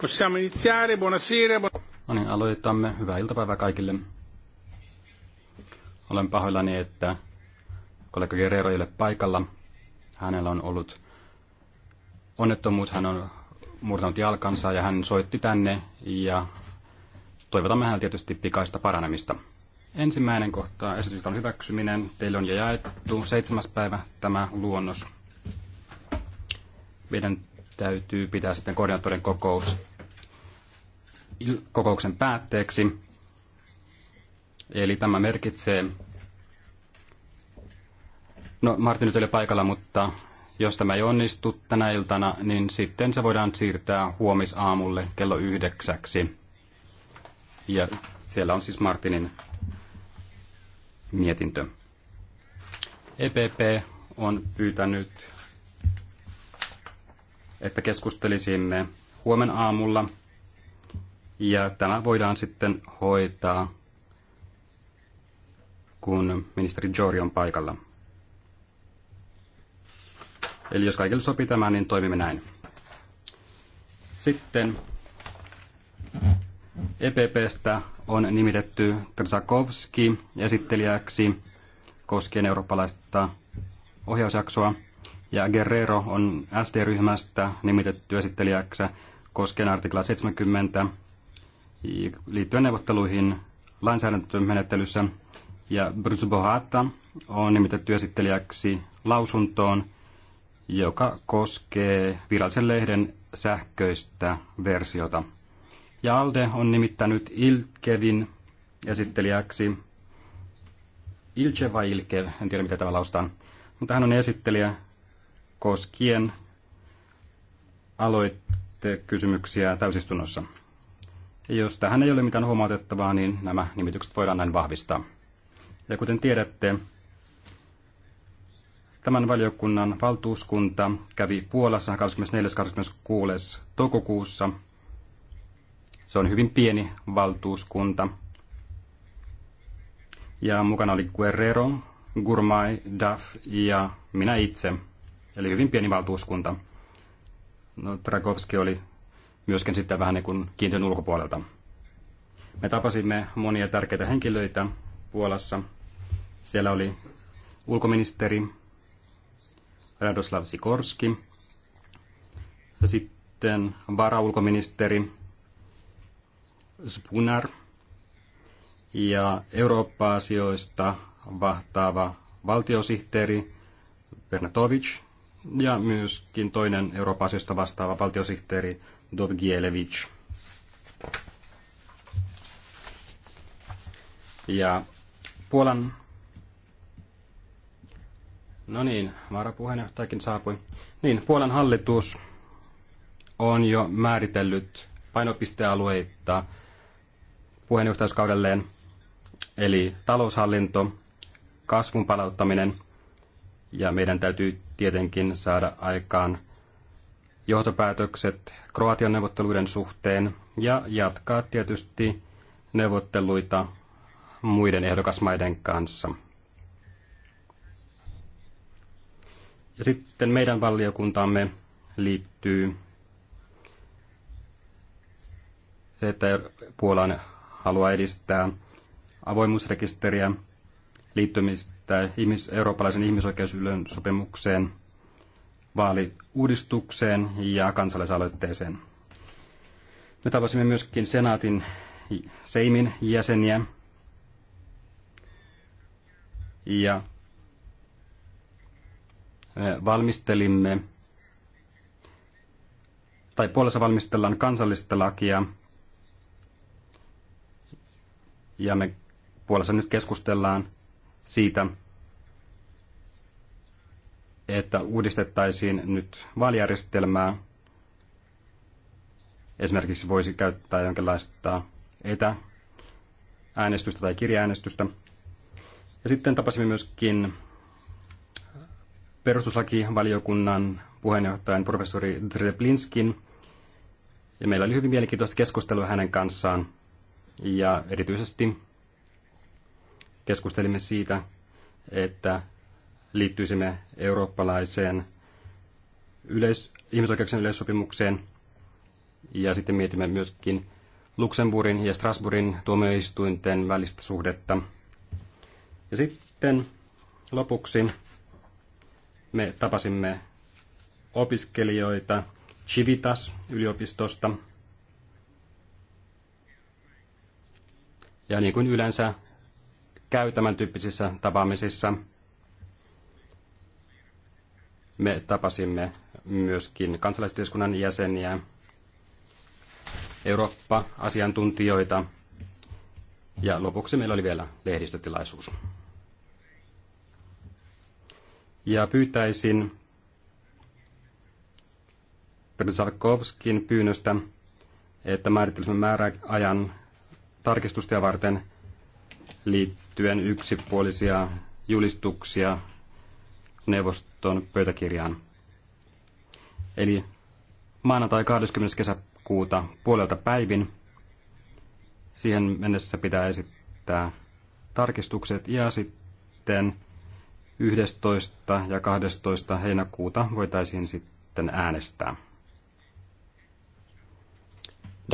Possiamo iniziare, buonasera. Bu- no niin, aloitamme. Hyvää iltapäivää kaikille. Olen pahoillani, että kollega Guerrero ei ole paikalla. Hänellä on ollut onnettomuus. Hän on murtanut jalkansa ja hän soitti tänne ja toivotamme hänelle tietysti pikaista paranemista. Ensimmäinen kohta esitystä on hyväksyminen. Teille on jo jaettu seitsemäs päivä tämä luonnos. Meidän täytyy pitää sitten koordinaattorin kokous kokouksen päätteeksi. Eli tämä merkitsee, no Martin nyt oli paikalla, mutta jos tämä ei onnistu tänä iltana, niin sitten se voidaan siirtää huomisaamulle kello yhdeksäksi. Ja siellä on siis Martinin mietintö. EPP on pyytänyt että keskustelisimme huomen aamulla ja tämä voidaan sitten hoitaa, kun ministeri Jori on paikalla. Eli jos kaikille sopii tämä, niin toimimme näin. Sitten EPPstä on nimitetty Trzakowski esittelijäksi koskien eurooppalaista ohjausjaksoa ja Guerrero on SD-ryhmästä nimitetty esittelijäksi koskien artikla 70 liittyen neuvotteluihin lainsäädäntömenettelyssä. Ja Bohata on nimitetty esittelijäksi lausuntoon, joka koskee virallisen lehden sähköistä versiota. Ja Alde on nimittänyt Ilkevin esittelijäksi Ilche vai Ilkev, en tiedä mitä tämä laustaan, mutta hän on esittelijä koskien aloitte kysymyksiä täysistunnossa. Ja jos tähän ei ole mitään huomautettavaa, niin nämä nimitykset voidaan näin vahvistaa. Ja kuten tiedätte, tämän valiokunnan valtuuskunta kävi Puolassa 24.26. toukokuussa. Se on hyvin pieni valtuuskunta. Ja mukana oli Guerrero, Gurmai, Duff ja minä itse – eli hyvin pieni valtuuskunta. No, Trakowski oli myöskin sitten vähän niin kuin kiintiön ulkopuolelta. Me tapasimme monia tärkeitä henkilöitä Puolassa. Siellä oli ulkoministeri Radoslav Sikorski ja sitten varaulkoministeri Spunar ja Eurooppa-asioista vahtaava valtiosihteeri Bernatovic ja myöskin toinen Euroopan asioista vastaava valtiosihteeri Dovgielevich. Ja Puolan... No niin, varapuheenjohtajakin saapui. Niin, Puolan hallitus on jo määritellyt painopistealueita puheenjohtajuuskaudelleen, eli taloushallinto, kasvun palauttaminen – ja meidän täytyy tietenkin saada aikaan johtopäätökset Kroatian neuvotteluiden suhteen ja jatkaa tietysti neuvotteluita muiden ehdokasmaiden kanssa. Ja sitten meidän valiokuntamme liittyy se, että Puolan haluaa edistää avoimuusrekisteriä, liittymistä liittää ihmis- eurooppalaisen ihmisoikeusylön sopimukseen, vaaliuudistukseen ja kansalaisaloitteeseen. Me tapasimme myöskin senaatin Seimin jäseniä ja me valmistelimme tai puolessa valmistellaan kansallista lakia ja me puolessa nyt keskustellaan siitä, että uudistettaisiin nyt vaalijärjestelmää. Esimerkiksi voisi käyttää jonkinlaista etääänestystä tai kirjaäänestystä. Ja sitten tapasimme myöskin perustuslakivaliokunnan puheenjohtajan professori Dreplinskin. Ja meillä oli hyvin mielenkiintoista keskustelua hänen kanssaan. Ja erityisesti keskustelimme siitä, että liittyisimme eurooppalaiseen yleis- ihmisoikeuksien yleissopimukseen. Ja sitten mietimme myöskin Luxemburgin ja Strasbourgin tuomioistuinten välistä suhdetta. Ja sitten lopuksi me tapasimme opiskelijoita Civitas yliopistosta. Ja niin kuin yleensä käy tämän tyyppisissä tapaamisissa, me tapasimme myöskin kansalaisyhteiskunnan jäseniä, Eurooppa-asiantuntijoita ja lopuksi meillä oli vielä lehdistötilaisuus. Ja pyytäisin Przarkovskin pyynnöstä, että määrittelisimme määräajan tarkistusta varten liittyen yksipuolisia julistuksia neuvoston pöytäkirjaan. Eli maanantai 20. kesäkuuta puolelta päivin. Siihen mennessä pitää esittää tarkistukset ja sitten 11. ja 12. heinäkuuta voitaisiin sitten äänestää.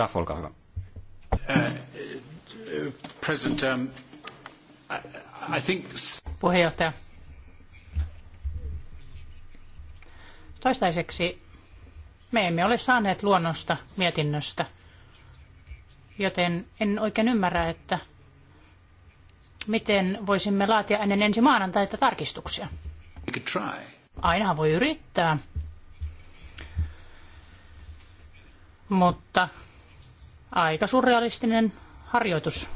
Duff, olkaa hyvä. Uh, uh, President, um, I think... Puheenjohtaja, Toistaiseksi me emme ole saaneet luonnosta mietinnöstä, joten en oikein ymmärrä, että miten voisimme laatia ennen ensi maanantaita tarkistuksia. Aina voi yrittää. Mutta aika surrealistinen harjoitus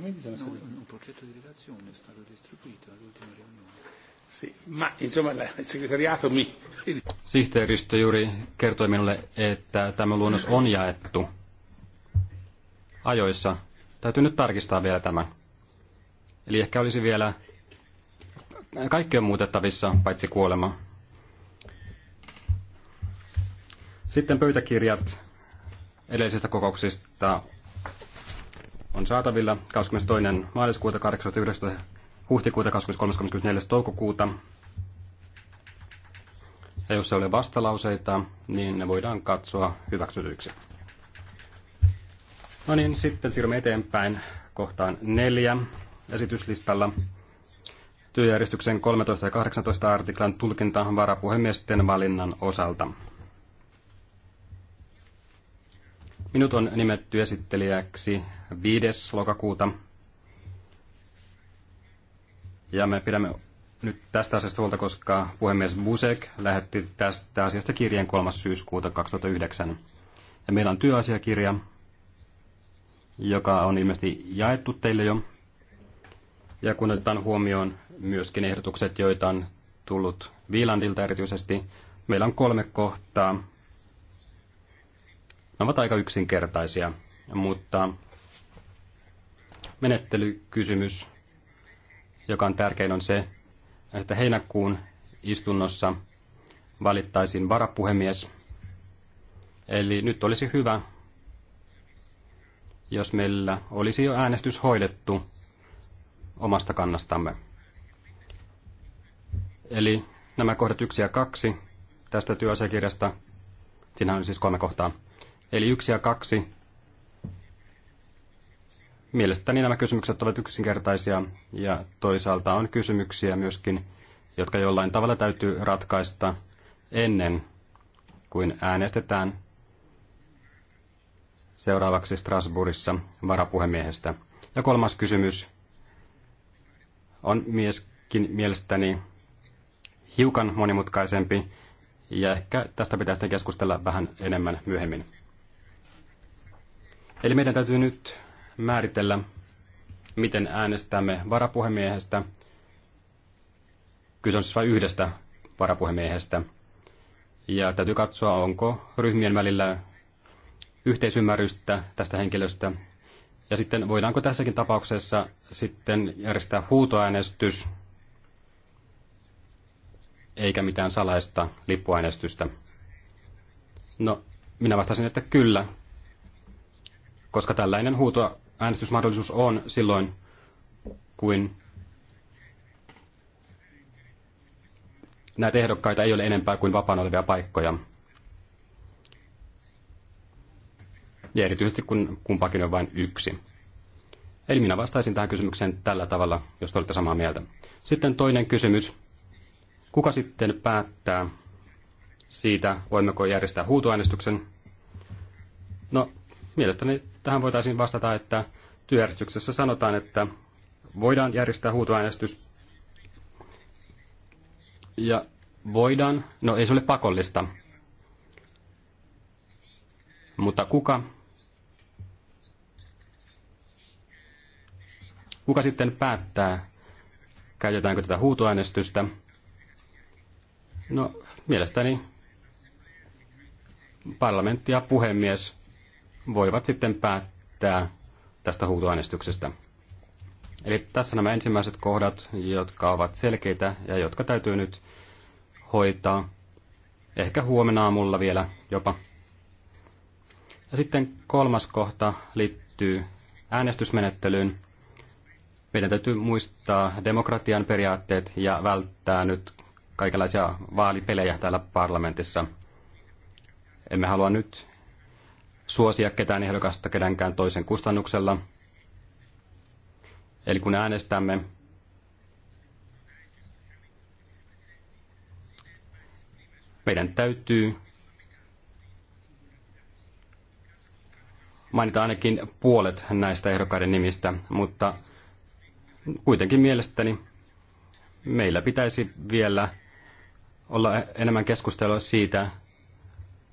emendamenti sono no, stati... un progetto di relazione è stato distribuito all'ultima riunione. Sì, ma insomma il segretariato mi... Sihteeristö juuri kertoi minulle, että tämä luonnos on jaettu ajoissa. Täytyy nyt tarkistaa vielä tämä. Eli ehkä olisi vielä... Kaikki on muutettavissa, paitsi kuolema. Sitten pöytäkirjat edellisistä kokouksista on saatavilla 22. maaliskuuta, 89. huhtikuuta, 23.34. toukokuuta. Ja jos ei ole vastalauseita, niin ne voidaan katsoa hyväksytyiksi. No niin, sitten siirrymme eteenpäin kohtaan neljä esityslistalla. Työjärjestyksen 13 ja 18 artiklan tulkinta varapuhemiesten valinnan osalta. Minut on nimetty esittelijäksi 5. lokakuuta. Ja me pidämme nyt tästä asiasta huolta, koska puhemies Busek lähetti tästä asiasta kirjeen 3. syyskuuta 2009. Ja meillä on työasiakirja, joka on ilmeisesti jaettu teille jo. Ja kun otetaan huomioon myöskin ehdotukset, joita on tullut Viilandilta erityisesti, meillä on kolme kohtaa, ne ovat aika yksinkertaisia, mutta menettelykysymys, joka on tärkein, on se, että heinäkuun istunnossa valittaisiin varapuhemies. Eli nyt olisi hyvä, jos meillä olisi jo äänestys hoidettu omasta kannastamme. Eli nämä kohdat yksi ja kaksi tästä työasiakirjasta, siinä on siis kolme kohtaa, Eli yksi ja kaksi. Mielestäni nämä kysymykset ovat yksinkertaisia ja toisaalta on kysymyksiä myöskin, jotka jollain tavalla täytyy ratkaista ennen kuin äänestetään seuraavaksi Strasbourgissa varapuhemiehestä. Ja kolmas kysymys on myöskin mielestäni hiukan monimutkaisempi, ja ehkä tästä pitäisi keskustella vähän enemmän myöhemmin. Eli meidän täytyy nyt määritellä, miten äänestämme varapuhemiehestä. Kyse on siis vain yhdestä varapuhemiehestä. Ja täytyy katsoa, onko ryhmien välillä yhteisymmärrystä tästä henkilöstä. Ja sitten voidaanko tässäkin tapauksessa sitten järjestää huutoäänestys, eikä mitään salaista lippuäänestystä. No, minä vastasin, että kyllä, koska tällainen huuto äänestysmahdollisuus on silloin, kuin näitä ehdokkaita ei ole enempää kuin vapaana olevia paikkoja. Ja erityisesti kun kumpakin on vain yksi. Eli minä vastaisin tähän kysymykseen tällä tavalla, jos te olette samaa mieltä. Sitten toinen kysymys. Kuka sitten päättää siitä, voimmeko järjestää huutoäänestyksen? No, mielestäni tähän voitaisiin vastata, että työjärjestyksessä sanotaan, että voidaan järjestää huutoäänestys ja voidaan, no ei se ole pakollista, mutta kuka, kuka sitten päättää, käytetäänkö tätä huutoäänestystä? No mielestäni parlamentti ja puhemies voivat sitten päättää tästä huutoäänestyksestä. Eli tässä nämä ensimmäiset kohdat, jotka ovat selkeitä ja jotka täytyy nyt hoitaa. Ehkä huomenna aamulla vielä jopa. Ja sitten kolmas kohta liittyy äänestysmenettelyyn. Meidän täytyy muistaa demokratian periaatteet ja välttää nyt kaikenlaisia vaalipelejä täällä parlamentissa. Emme halua nyt suosia ketään ehdokasta kenenkään toisen kustannuksella. Eli kun äänestämme, meidän täytyy mainita ainakin puolet näistä ehdokkaiden nimistä, mutta kuitenkin mielestäni meillä pitäisi vielä olla enemmän keskustelua siitä,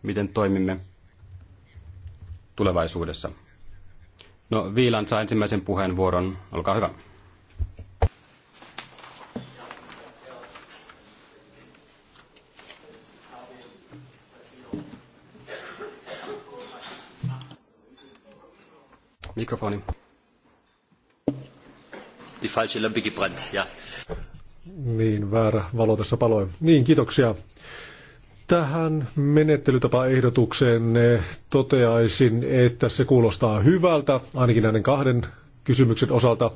miten toimimme tulevaisuudessa. No, Viilan saa ensimmäisen puheenvuoron. Olkaa hyvä. Mikrofoni. Die falsche Lampe gebrannt, ja. Niin, väärä valo tässä paloi. Niin, kiitoksia. Tähän menettelytapaehdotukseen toteaisin, että se kuulostaa hyvältä, ainakin näiden kahden kysymyksen osalta.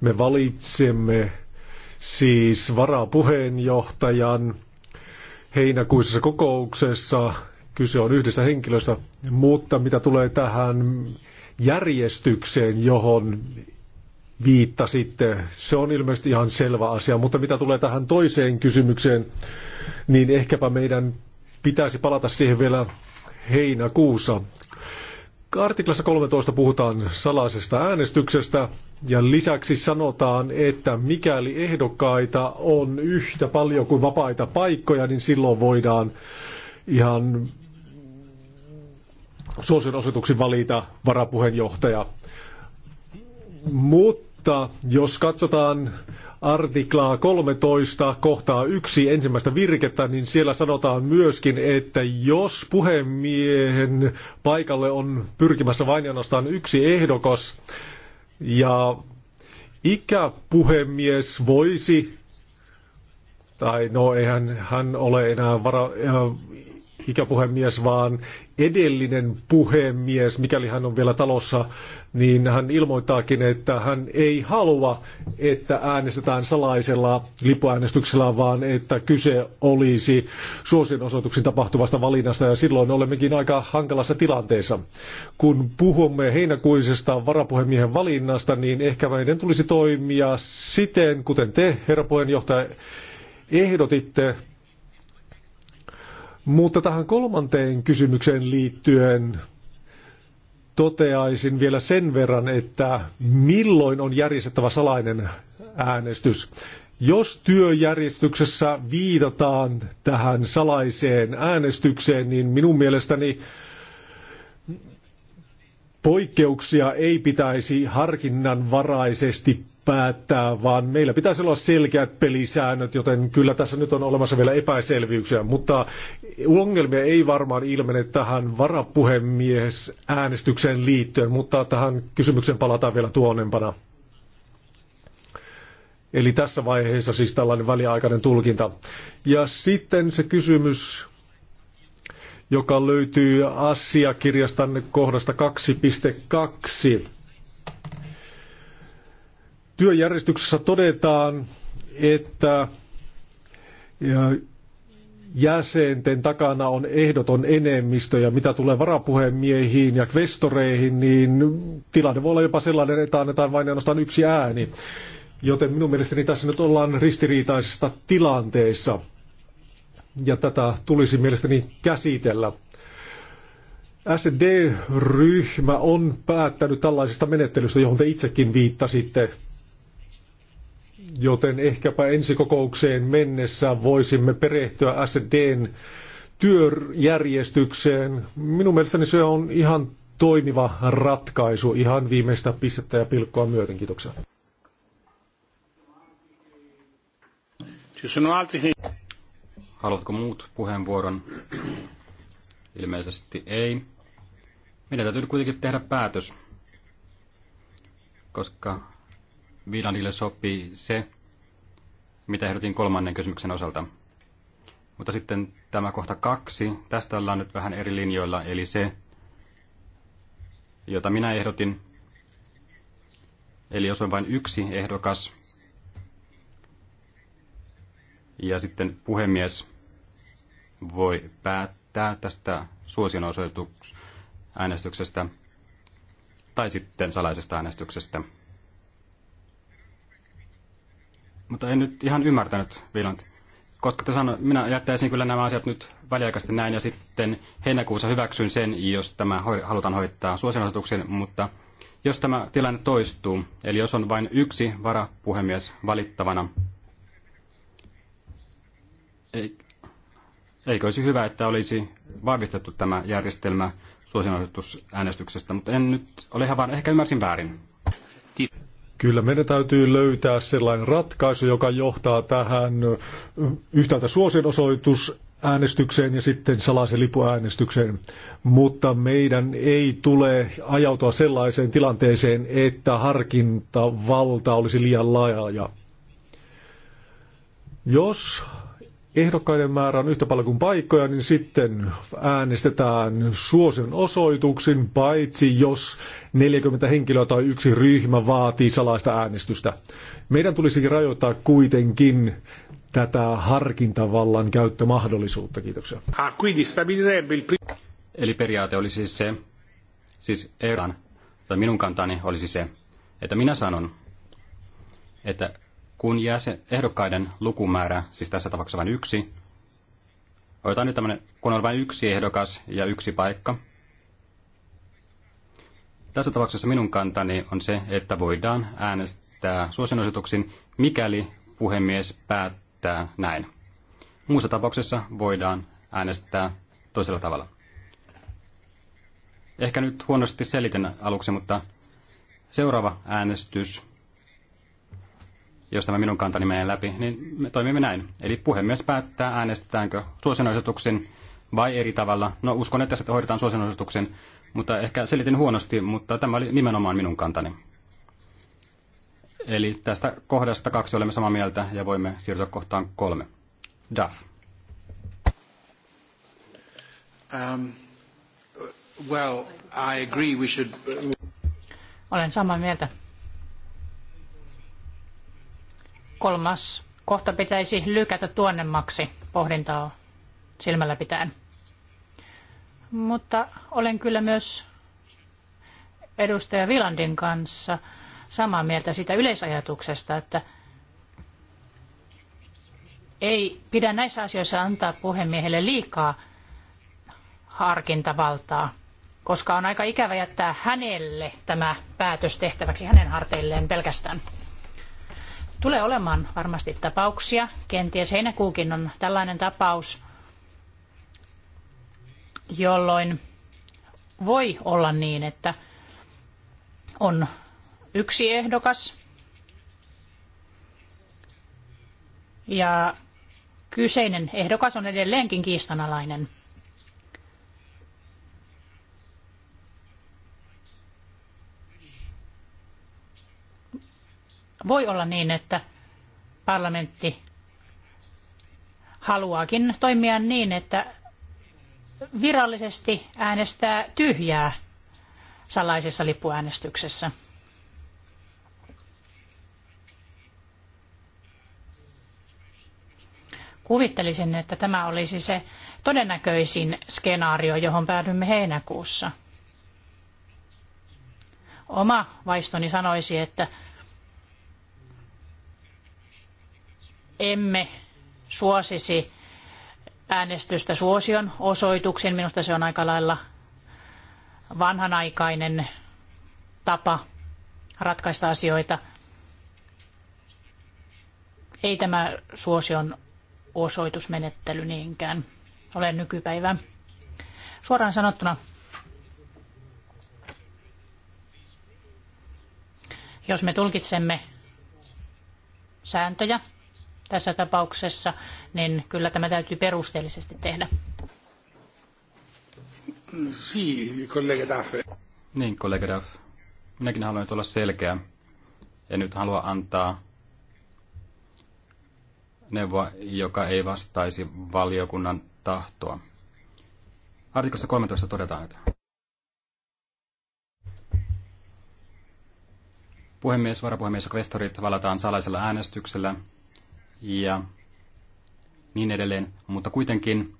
Me valitsemme siis varapuheenjohtajan heinäkuisessa kokouksessa. Kyse on yhdessä henkilöstä, mutta mitä tulee tähän järjestykseen, johon viittasitte. Se on ilmeisesti ihan selvä asia, mutta mitä tulee tähän toiseen kysymykseen, niin ehkäpä meidän pitäisi palata siihen vielä heinäkuussa. Artiklassa 13 puhutaan salaisesta äänestyksestä ja lisäksi sanotaan, että mikäli ehdokkaita on yhtä paljon kuin vapaita paikkoja, niin silloin voidaan ihan suosion osoituksi valita varapuheenjohtaja. Mutta jos katsotaan artiklaa 13 kohtaa yksi ensimmäistä virkettä, niin siellä sanotaan myöskin, että jos puhemiehen paikalle on pyrkimässä vain ainoastaan yksi ehdokas ja ikäpuhemies voisi, tai no eihän hän ole enää vara, ikäpuhemies, vaan edellinen puhemies, mikäli hän on vielä talossa, niin hän ilmoittaakin, että hän ei halua, että äänestetään salaisella lipuäänestyksellä, vaan että kyse olisi suosionosoituksen tapahtuvasta valinnasta, ja silloin olemmekin aika hankalassa tilanteessa. Kun puhumme heinäkuisesta varapuhemiehen valinnasta, niin ehkä meidän tulisi toimia siten, kuten te, herra puheenjohtaja, ehdotitte, mutta tähän kolmanteen kysymykseen liittyen toteaisin vielä sen verran, että milloin on järjestettävä salainen äänestys. Jos työjärjestyksessä viitataan tähän salaiseen äänestykseen, niin minun mielestäni poikkeuksia ei pitäisi harkinnanvaraisesti päättää, vaan meillä pitäisi olla selkeät pelisäännöt, joten kyllä tässä nyt on olemassa vielä epäselvyyksiä, mutta ongelmia ei varmaan ilmene tähän varapuhemies äänestykseen liittyen, mutta tähän kysymykseen palataan vielä tuonempana. Eli tässä vaiheessa siis tällainen väliaikainen tulkinta. Ja sitten se kysymys, joka löytyy asiakirjastanne kohdasta 2.2 työjärjestyksessä todetaan, että jäsenten takana on ehdoton enemmistö ja mitä tulee varapuhemiehiin ja kvestoreihin, niin tilanne voi olla jopa sellainen, että annetaan vain ainoastaan yksi ääni. Joten minun mielestäni tässä nyt ollaan ristiriitaisessa tilanteessa ja tätä tulisi mielestäni käsitellä. SD-ryhmä on päättänyt tällaisesta menettelystä, johon te itsekin viittasitte, joten ehkäpä kokoukseen mennessä voisimme perehtyä SDn työjärjestykseen. Minun mielestäni se on ihan toimiva ratkaisu ihan viimeistä pistettä ja pilkkoa myöten. Kiitoksia. Haluatko muut puheenvuoron? Ilmeisesti ei. Meidän täytyy kuitenkin tehdä päätös, koska Viilanille sopii se, mitä ehdotin kolmannen kysymyksen osalta. Mutta sitten tämä kohta kaksi, tästä ollaan nyt vähän eri linjoilla, eli se, jota minä ehdotin. Eli jos on vain yksi ehdokas ja sitten puhemies voi päättää tästä suosionosoituksesta äänestyksestä tai sitten salaisesta äänestyksestä. Mutta en nyt ihan ymmärtänyt, Viland. Koska te sano, minä jättäisin kyllä nämä asiat nyt väliaikaisesti näin ja sitten heinäkuussa hyväksyn sen, jos tämä hoi, halutaan hoitaa suosionosoituksen, mutta jos tämä tilanne toistuu, eli jos on vain yksi varapuhemies valittavana, ei, eikö olisi hyvä, että olisi vahvistettu tämä järjestelmä äänestyksestä, mutta en nyt ole ihan vaan, ehkä ymmärsin väärin. Kyllä meidän täytyy löytää sellainen ratkaisu, joka johtaa tähän yhtäältä suosinosoitus äänestykseen ja sitten salaisen lipuäänestykseen. Mutta meidän ei tule ajautua sellaiseen tilanteeseen, että harkintavalta olisi liian laaja. Jos ehdokkaiden määrä on yhtä paljon kuin paikkoja, niin sitten äänestetään suosion osoituksin, paitsi jos 40 henkilöä tai yksi ryhmä vaatii salaista äänestystä. Meidän tulisikin rajoittaa kuitenkin tätä harkintavallan käyttömahdollisuutta. Kiitoksia. Ah, Eli periaate olisi siis se, siis Euran, tai minun kantani olisi siis se, että minä sanon, että kun se ehdokkaiden lukumäärä, siis tässä tapauksessa vain yksi, otetaan nyt tämmöinen, kun on vain yksi ehdokas ja yksi paikka. Tässä tapauksessa minun kantani on se, että voidaan äänestää suosionosituksin, mikäli puhemies päättää näin. Muussa tapauksessa voidaan äänestää toisella tavalla. Ehkä nyt huonosti selitän aluksi, mutta seuraava äänestys jos tämä minun kantani menee läpi, niin me toimimme näin. Eli puhemies päättää, äänestetäänkö suosionosituksen vai eri tavalla. No uskon, että se hoidetaan suosionosituksen, mutta ehkä selitin huonosti, mutta tämä oli nimenomaan minun kantani. Eli tästä kohdasta kaksi olemme samaa mieltä ja voimme siirtyä kohtaan kolme. Duff. Um, well, I agree we should... Olen samaa mieltä kolmas kohta pitäisi lykätä tuonnemmaksi pohdintaa silmällä pitäen. Mutta olen kyllä myös edustaja Vilandin kanssa samaa mieltä siitä yleisajatuksesta, että ei pidä näissä asioissa antaa puhemiehelle liikaa harkintavaltaa, koska on aika ikävä jättää hänelle tämä päätös tehtäväksi hänen harteilleen pelkästään. Tulee olemaan varmasti tapauksia, kenties heinäkuukin on tällainen tapaus, jolloin voi olla niin, että on yksi ehdokas ja kyseinen ehdokas on edelleenkin kiistanalainen. Voi olla niin, että parlamentti haluaakin toimia niin, että virallisesti äänestää tyhjää salaisessa lippuäänestyksessä. Kuvittelisin, että tämä olisi se todennäköisin skenaario, johon päädymme heinäkuussa. Oma vaistoni sanoisi, että emme suosisi äänestystä suosion osoituksen. Minusta se on aika lailla vanhanaikainen tapa ratkaista asioita. Ei tämä suosion osoitusmenettely niinkään ole nykypäivää. Suoraan sanottuna, jos me tulkitsemme sääntöjä, tässä tapauksessa, niin kyllä tämä täytyy perusteellisesti tehdä. kollega Niin, kollega Daff. Minäkin haluan nyt olla selkeä. En nyt halua antaa neuvoa, joka ei vastaisi valiokunnan tahtoa. Artikossa 13 todetaan, että puhemies, varapuhemies ja kvestorit valataan salaisella äänestyksellä ja niin edelleen. Mutta kuitenkin,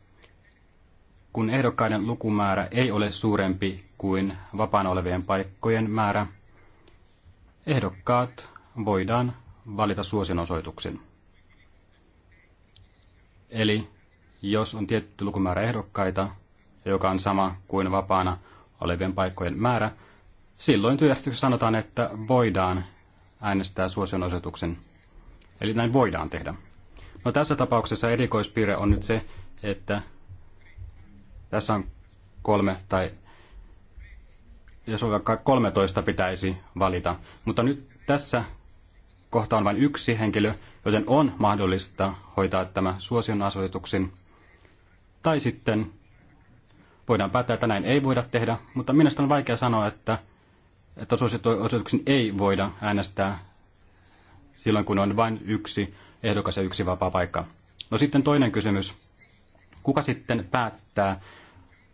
kun ehdokkaiden lukumäärä ei ole suurempi kuin vapaana olevien paikkojen määrä, ehdokkaat voidaan valita suosionosoituksin. Eli jos on tietty lukumäärä ehdokkaita, joka on sama kuin vapaana olevien paikkojen määrä, silloin työjärjestyksessä sanotaan, että voidaan äänestää suosionosoituksen Eli näin voidaan tehdä. No tässä tapauksessa erikoispiirre on nyt se, että tässä on kolme tai jos on vaikka 13 pitäisi valita. Mutta nyt tässä kohta on vain yksi henkilö, joten on mahdollista hoitaa tämä suosion asetuksin. Tai sitten voidaan päättää, että näin ei voida tehdä, mutta minusta on vaikea sanoa, että, että suosioasetuksen ei voida äänestää silloin kun on vain yksi ehdokas ja yksi vapaa paikka. No sitten toinen kysymys. Kuka sitten päättää,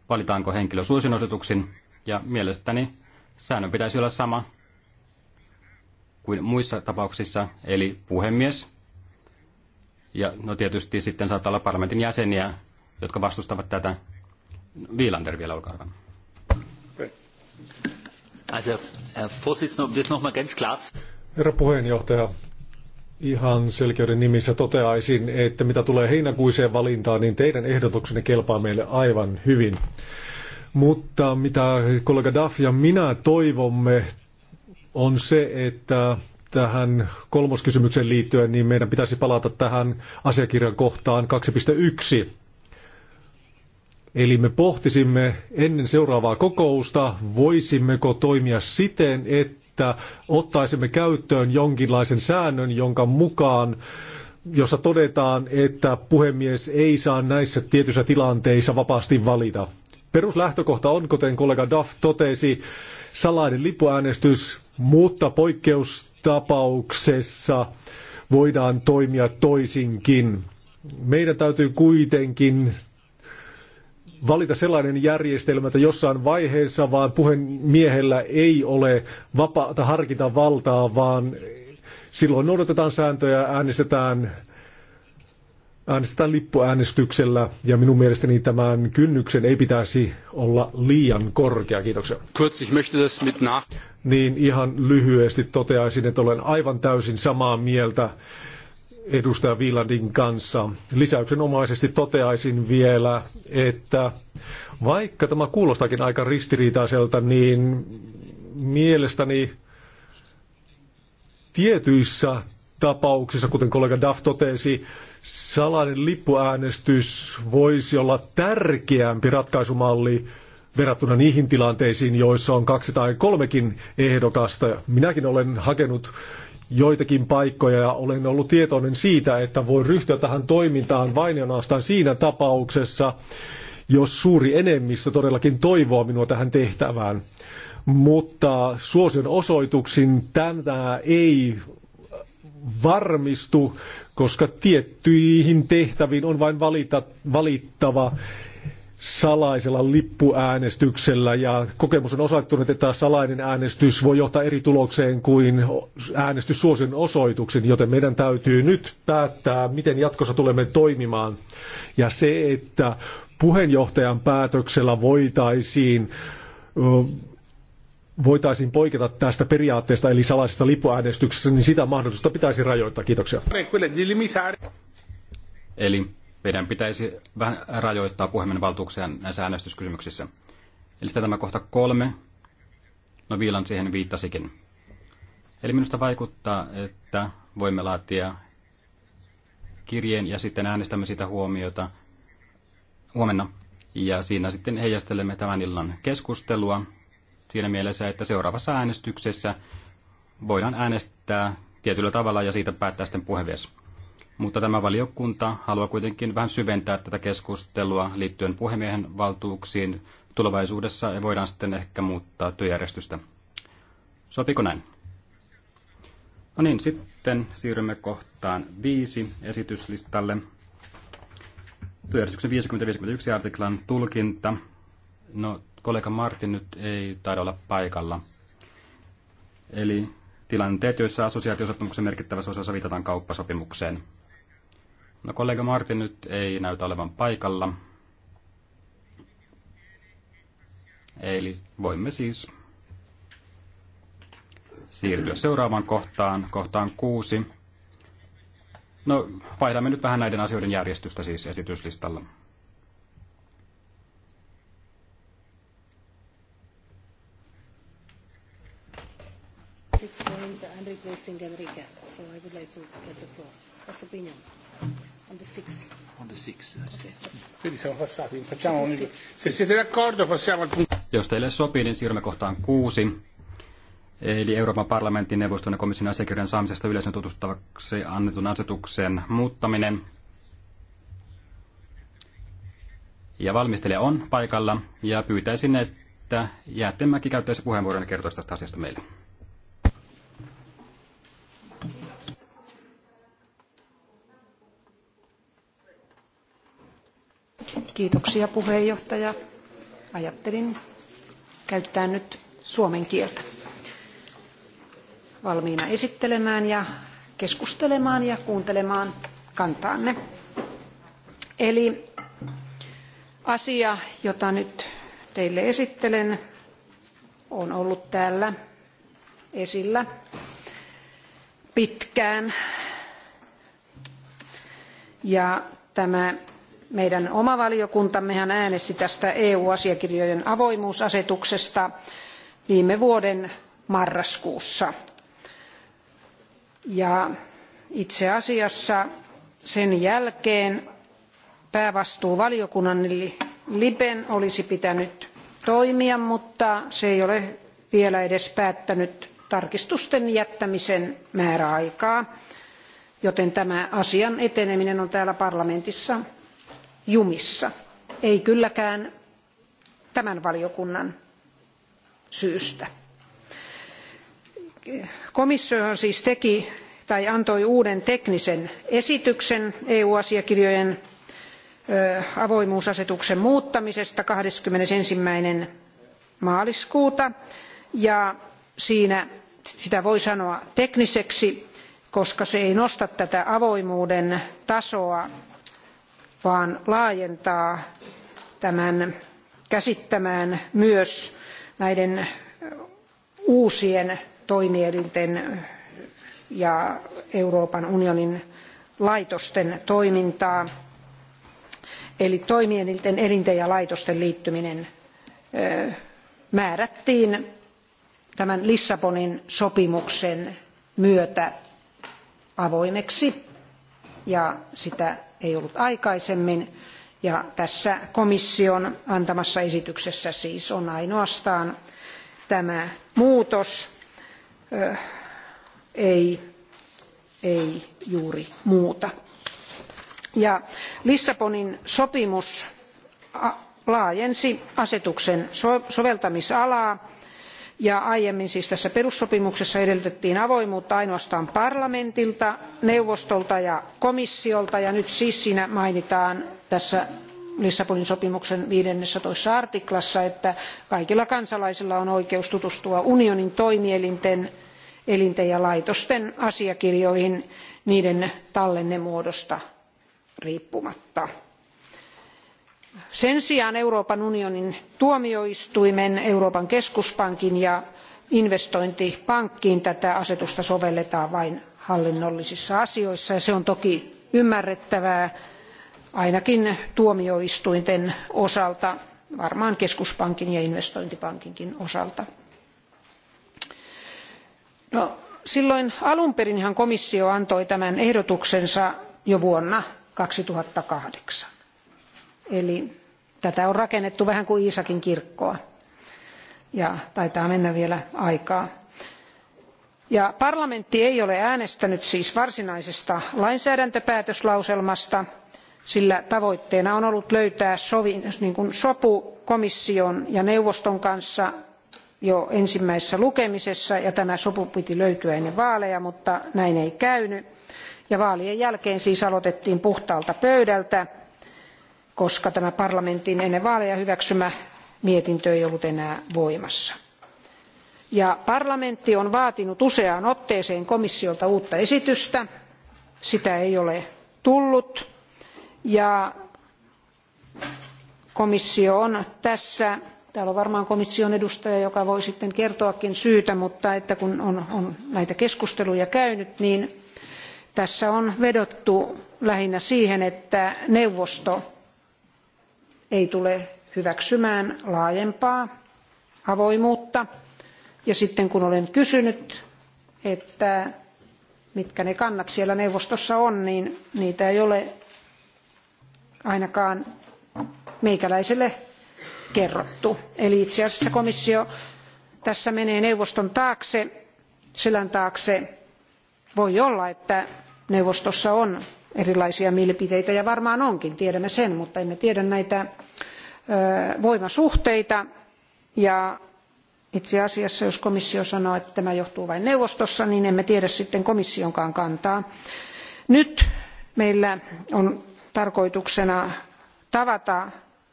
valitaanko henkilö suosinosituksin? Ja mielestäni säännön pitäisi olla sama kuin muissa tapauksissa, eli puhemies. Ja no tietysti sitten saattaa olla parlamentin jäseniä, jotka vastustavat tätä. Viilander vielä, olkaa hyvä. Um Herra puheenjohtaja, ihan selkeyden nimissä toteaisin, että mitä tulee heinäkuiseen valintaan, niin teidän ehdotuksenne kelpaa meille aivan hyvin. Mutta mitä kollega Duff ja minä toivomme on se, että tähän kolmoskysymykseen liittyen, niin meidän pitäisi palata tähän asiakirjan kohtaan 2.1. Eli me pohtisimme ennen seuraavaa kokousta, voisimmeko toimia siten, että että ottaisimme käyttöön jonkinlaisen säännön, jonka mukaan jossa todetaan, että puhemies ei saa näissä tietyissä tilanteissa vapaasti valita. Peruslähtökohta on, kuten kollega Duff totesi, salainen lippuäänestys, mutta poikkeustapauksessa voidaan toimia toisinkin. Meidän täytyy kuitenkin valita sellainen järjestelmä, että jossain vaiheessa vaan puhemiehellä ei ole vapaata harkita valtaa, vaan silloin noudatetaan sääntöjä, äänestetään, äänestetään lippuäänestyksellä ja minun mielestäni tämän kynnyksen ei pitäisi olla liian korkea. Kiitoksia. Kurz, ich möchte das mit nach... Niin ihan lyhyesti toteaisin, että olen aivan täysin samaa mieltä edustaja Viilandin kanssa. Lisäyksenomaisesti toteaisin vielä, että vaikka tämä kuulostakin aika ristiriitaiselta, niin mielestäni tietyissä tapauksissa, kuten kollega Duff totesi, salainen lippuäänestys voisi olla tärkeämpi ratkaisumalli verrattuna niihin tilanteisiin, joissa on kaksi tai kolmekin ehdokasta. Minäkin olen hakenut joitakin paikkoja ja olen ollut tietoinen siitä, että voi ryhtyä tähän toimintaan vain ja ainoastaan siinä tapauksessa, jos suuri enemmistö todellakin toivoo minua tähän tehtävään. Mutta suosion osoituksin tämä ei varmistu, koska tiettyihin tehtäviin on vain valita, valittava salaisella lippuäänestyksellä ja kokemus on osoittanut, että salainen äänestys voi johtaa eri tulokseen kuin äänestys suosion osoituksen, joten meidän täytyy nyt päättää, miten jatkossa tulemme toimimaan. Ja se, että puheenjohtajan päätöksellä voitaisiin voitaisiin poiketa tästä periaatteesta, eli salaisesta lippuäänestyksestä, niin sitä mahdollisuutta pitäisi rajoittaa. Kiitoksia. Eli meidän pitäisi vähän rajoittaa puhemiehen valtuuksia näissä äänestyskysymyksissä. Eli sitten tämä kohta kolme, no Viilan siihen viittasikin. Eli minusta vaikuttaa, että voimme laatia kirjeen ja sitten äänestämme sitä huomiota huomenna. Ja siinä sitten heijastelemme tämän illan keskustelua siinä mielessä, että seuraavassa äänestyksessä voidaan äänestää tietyllä tavalla ja siitä päättää sitten puhemies. Mutta tämä valiokunta haluaa kuitenkin vähän syventää tätä keskustelua liittyen puhemiehen valtuuksiin tulevaisuudessa ja voidaan sitten ehkä muuttaa työjärjestystä. Sopiko näin? No niin, sitten siirrymme kohtaan viisi esityslistalle. Työjärjestyksen 50-51 artiklan tulkinta. No, kollega Martin nyt ei taida olla paikalla. Eli tilanteet, joissa assosiaatiosopimuksen merkittävässä osassa viitataan kauppasopimukseen. No kollega Martin nyt ei näytä olevan paikalla. Eli voimme siis siirtyä seuraavaan kohtaan, kohtaan kuusi. No, vaihdamme nyt vähän näiden asioiden järjestystä siis esityslistalla. It's going, so I would like to get the floor. That's opinion. Eh, Jos teille sopii, niin siirrymme kohtaan kuusi. Eli Euroopan parlamentin neuvoston ja komission asiakirjan saamisesta yleisön tutustavaksi annetun asetuksen muuttaminen. Ja valmistelija on paikalla ja pyytäisin, että Jäättemäki käyttäisi puheenvuoron ja kertoisi tästä asiasta meille. Kiitoksia puheenjohtaja. Ajattelin käyttää nyt suomen kieltä valmiina esittelemään ja keskustelemaan ja kuuntelemaan kantaanne. Eli asia, jota nyt teille esittelen, on ollut täällä esillä pitkään. Ja tämä meidän oma valiokuntammehan äänesti tästä EU-asiakirjojen avoimuusasetuksesta viime vuoden marraskuussa. Ja itse asiassa sen jälkeen päävastuuvaliokunnan eli Liben olisi pitänyt toimia, mutta se ei ole vielä edes päättänyt tarkistusten jättämisen määräaikaa, joten tämä asian eteneminen on täällä parlamentissa jumissa ei kylläkään tämän valiokunnan syystä. komissio siis teki tai antoi uuden teknisen esityksen eu asiakirjojen avoimuusasetuksen muuttamisesta kaksikymmentäyksi maaliskuuta ja siinä sitä voi sanoa tekniseksi koska se ei nosta tätä avoimuuden tasoa vaan laajentaa tämän käsittämään myös näiden uusien toimielinten ja Euroopan unionin laitosten toimintaa, eli toimielinten, elinten ja laitosten liittyminen määrättiin tämän Lissabonin sopimuksen myötä avoimeksi ja sitä ei ollut aikaisemmin ja tässä komission antamassa esityksessä siis on ainoastaan tämä muutos ei, ei juuri muuta. Ja Lissabonin sopimus laajensi asetuksen soveltamisalaa ja aiemmin siis tässä perussopimuksessa edellytettiin avoimuutta ainoastaan parlamentilta neuvostolta ja komissiolta ja nyt siis siinä mainitaan tässä lissabonin sopimuksen viidennessätoista artiklassa että kaikilla kansalaisilla on oikeus tutustua unionin toimielinten elinten ja laitosten asiakirjoihin niiden tallennemuodosta riippumatta sen sijaan euroopan unionin tuomioistuimen euroopan keskuspankin ja investointipankkiin tätä asetusta sovelletaan vain hallinnollisissa asioissa ja se on toki ymmärrettävää ainakin tuomioistuinten osalta varmaan keskuspankin ja investointipankinkin osalta. No, silloin alun perinhän komissio antoi tämän ehdotuksensa jo vuonna kaksituhatta kahdeksan Eli tätä on rakennettu vähän kuin Iisakin kirkkoa. Ja taitaa mennä vielä aikaa. Ja parlamentti ei ole äänestänyt siis varsinaisesta lainsäädäntöpäätöslauselmasta, sillä tavoitteena on ollut löytää sovi, niin kuin sopu komission ja neuvoston kanssa jo ensimmäisessä lukemisessa ja tämä sopu piti löytyä ennen vaaleja, mutta näin ei käynyt. Ja vaalien jälkeen siis aloitettiin puhtaalta pöydältä koska tämä parlamentin ennen vaaleja hyväksymä mietintö ei ollut enää voimassa. Ja parlamentti on vaatinut useaan otteeseen komissiolta uutta esitystä sitä ei ole tullut ja komissio on tässä täällä on varmaan komission edustaja joka voi sitten kertoakin syytä mutta että kun on, on näitä keskusteluja käynyt niin tässä on vedottu lähinnä siihen että neuvosto ei tule hyväksymään laajempaa avoimuutta. Ja sitten kun olen kysynyt, että mitkä ne kannat siellä neuvostossa on, niin niitä ei ole ainakaan meikäläiselle kerrottu. Eli itse asiassa komissio tässä menee neuvoston taakse, selän taakse. Voi olla, että neuvostossa on erilaisia mielipiteitä ja varmaan onkin, tiedämme sen, mutta emme tiedä näitä voimasuhteita. Ja itse asiassa, jos komissio sanoo, että tämä johtuu vain neuvostossa, niin emme tiedä sitten komissionkaan kantaa. Nyt meillä on tarkoituksena tavata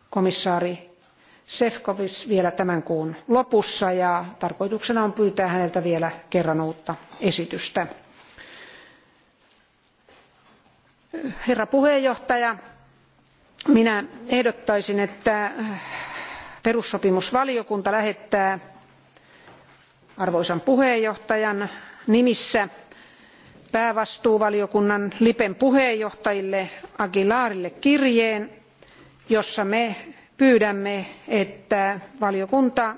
komissaari efovi vielä tämän kuun lopussa ja tarkoituksena on pyytää häneltä vielä kerran uutta esitystä. herra puheenjohtaja minä ehdottaisin että perussopimusvaliokunta lähettää arvoisan puheenjohtajan nimissä päävastuuvaliokunnan liben puheenjohtajille aguilarille kirjeen jossa me pyydämme että valiokunta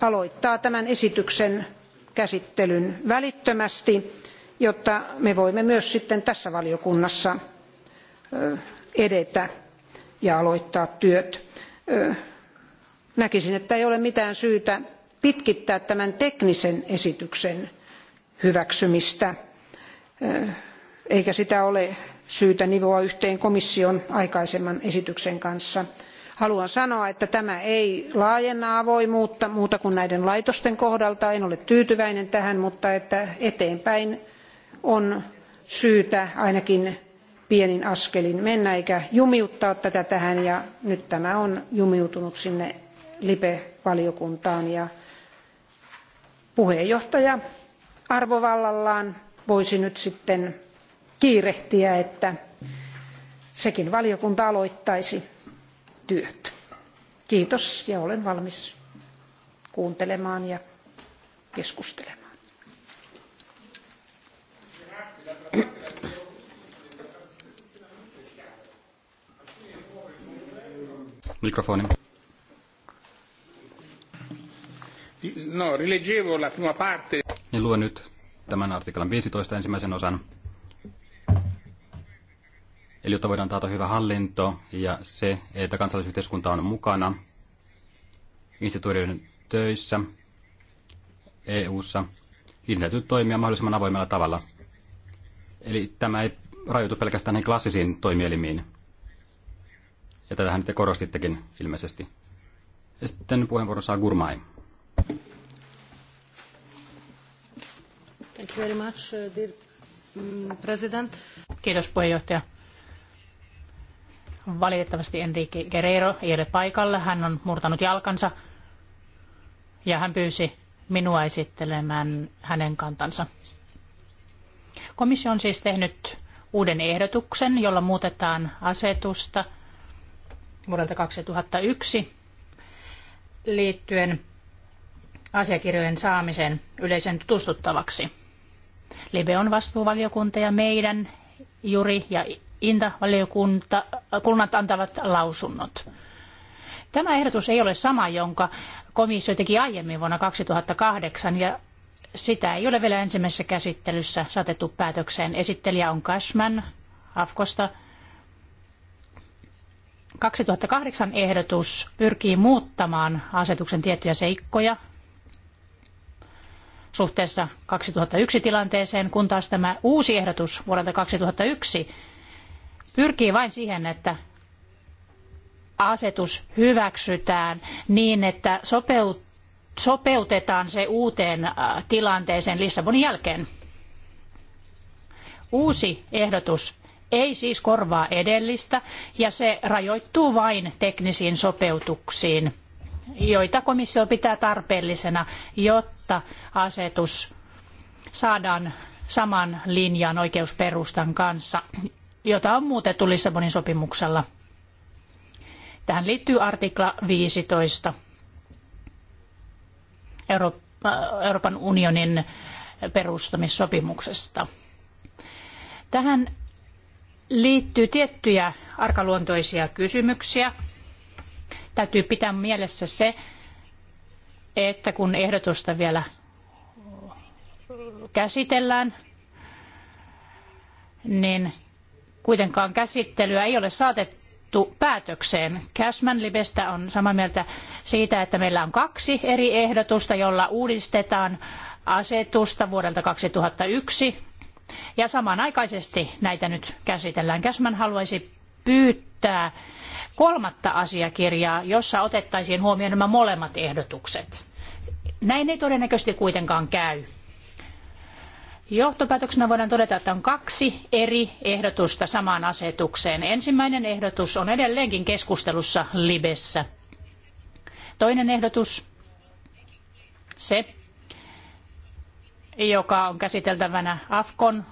aloittaa tämän esityksen käsittelyn välittömästi jotta me voimme myös sitten tässä valiokunnassa edetä ja aloittaa työt. Näkisin, että ei ole mitään syytä pitkittää tämän teknisen esityksen hyväksymistä, eikä sitä ole syytä nivoa yhteen komission aikaisemman esityksen kanssa. Haluan sanoa, että tämä ei laajenna avoimuutta muuta kuin näiden laitosten kohdalta. En ole tyytyväinen tähän, mutta että eteenpäin on syytä ainakin pienin askelin mennä eikä jumiuttaa tätä tähän ja nyt tämä on jumiutunut sinne LIBE-valiokuntaan ja puheenjohtaja arvovallallaan voisi nyt sitten kiirehtiä, että sekin valiokunta aloittaisi työt. Kiitos ja olen valmis kuuntelemaan ja keskustelemaan. Mikrofoni. No, rileggevo la prima parte. Niin luen nyt tämän artiklan 15 ensimmäisen osan. Eli jotta voidaan taata hyvä hallinto ja se, että kansalaisyhteiskunta on mukana instituutioiden töissä EU-ssa, niin täytyy toimia mahdollisimman avoimella tavalla. Eli tämä ei rajoitu pelkästään niin klassisiin toimielimiin. Ja tätähän te korostittekin ilmeisesti. Ja sitten puheenvuoron saa Gurmai. Thank you very much, uh, dear mm, president. Kiitos puheenjohtaja. Valitettavasti Enrique Guerrero ei ole paikalla. Hän on murtanut jalkansa ja hän pyysi minua esittelemään hänen kantansa. Komissio on siis tehnyt uuden ehdotuksen, jolla muutetaan asetusta – vuodelta 2001 liittyen asiakirjojen saamisen yleisen tutustuttavaksi. Libe on vastuuvaliokunta ja meidän juri ja Inta-valiokunnat äh, antavat lausunnot. Tämä ehdotus ei ole sama, jonka komissio teki aiemmin vuonna 2008 ja sitä ei ole vielä ensimmäisessä käsittelyssä saatettu päätökseen. Esittelijä on Cashman Afkosta 2008 ehdotus pyrkii muuttamaan asetuksen tiettyjä seikkoja suhteessa 2001 tilanteeseen, kun taas tämä uusi ehdotus vuodelta 2001 pyrkii vain siihen, että asetus hyväksytään niin, että sopeutetaan se uuteen äh, tilanteeseen Lissabonin jälkeen. Uusi ehdotus ei siis korvaa edellistä ja se rajoittuu vain teknisiin sopeutuksiin, joita komissio pitää tarpeellisena, jotta asetus saadaan saman linjan oikeusperustan kanssa, jota on muutettu Lissabonin sopimuksella. Tähän liittyy artikla 15 Euroopan unionin perustamissopimuksesta. Tähän liittyy tiettyjä arkaluontoisia kysymyksiä. Täytyy pitää mielessä se, että kun ehdotusta vielä käsitellään, niin kuitenkaan käsittelyä ei ole saatettu päätökseen. Cashman Libestä on samaa mieltä siitä, että meillä on kaksi eri ehdotusta, jolla uudistetaan asetusta vuodelta 2001 ja samanaikaisesti näitä nyt käsitellään. Käsmän haluaisi pyytää kolmatta asiakirjaa, jossa otettaisiin huomioon nämä molemmat ehdotukset. Näin ei todennäköisesti kuitenkaan käy. Johtopäätöksenä voidaan todeta, että on kaksi eri ehdotusta samaan asetukseen. Ensimmäinen ehdotus on edelleenkin keskustelussa Libessä. Toinen ehdotus, se joka on käsiteltävänä AFKON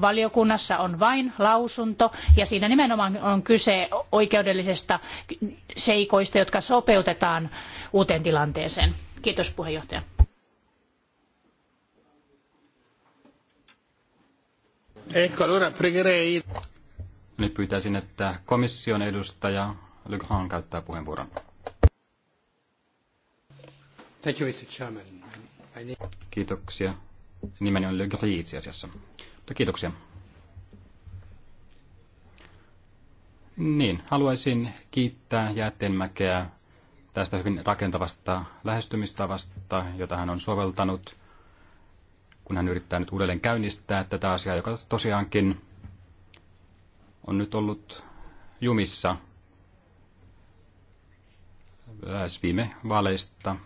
valiokunnassa on vain lausunto ja siinä nimenomaan on kyse oikeudellisista seikoista, jotka sopeutetaan uuteen tilanteeseen. Kiitos puheenjohtaja. Ecco, allora pregherei. Nyt pyytäisin, että komission edustaja Le Grand käyttää puheenvuoron. Thank you, Mr. Chairman. Kiitoksia. Nimeni on Le Gris itse asiassa. Mutta kiitoksia. Niin, haluaisin kiittää Jäätteenmäkeä tästä hyvin rakentavasta lähestymistavasta, jota hän on soveltanut, kun hän yrittää nyt uudelleen käynnistää tätä asiaa, joka tosiaankin on nyt ollut jumissa lähes viime vaaleista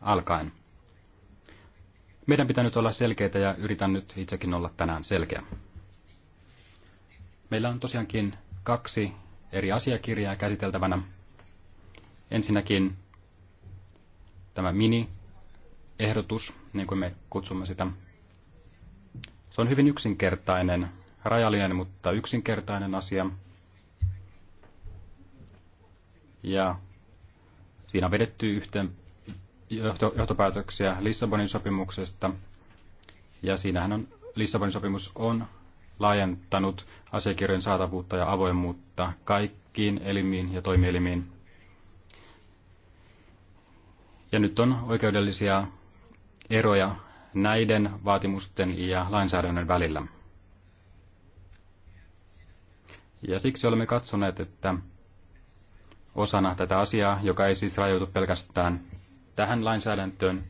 alkaen. Meidän pitää nyt olla selkeitä ja yritän nyt itsekin olla tänään selkeä. Meillä on tosiaankin kaksi eri asiakirjaa käsiteltävänä. Ensinnäkin tämä mini-ehdotus, niin kuin me kutsumme sitä. Se on hyvin yksinkertainen, rajallinen, mutta yksinkertainen asia. Ja siinä on vedetty yhteen johtopäätöksiä Lissabonin sopimuksesta. Ja siinähän on, Lissabonin sopimus on laajentanut asiakirjojen saatavuutta ja avoimuutta kaikkiin elimiin ja toimielimiin. Ja nyt on oikeudellisia eroja näiden vaatimusten ja lainsäädännön välillä. Ja siksi olemme katsoneet, että osana tätä asiaa, joka ei siis rajoitu pelkästään tähän lainsäädäntöön.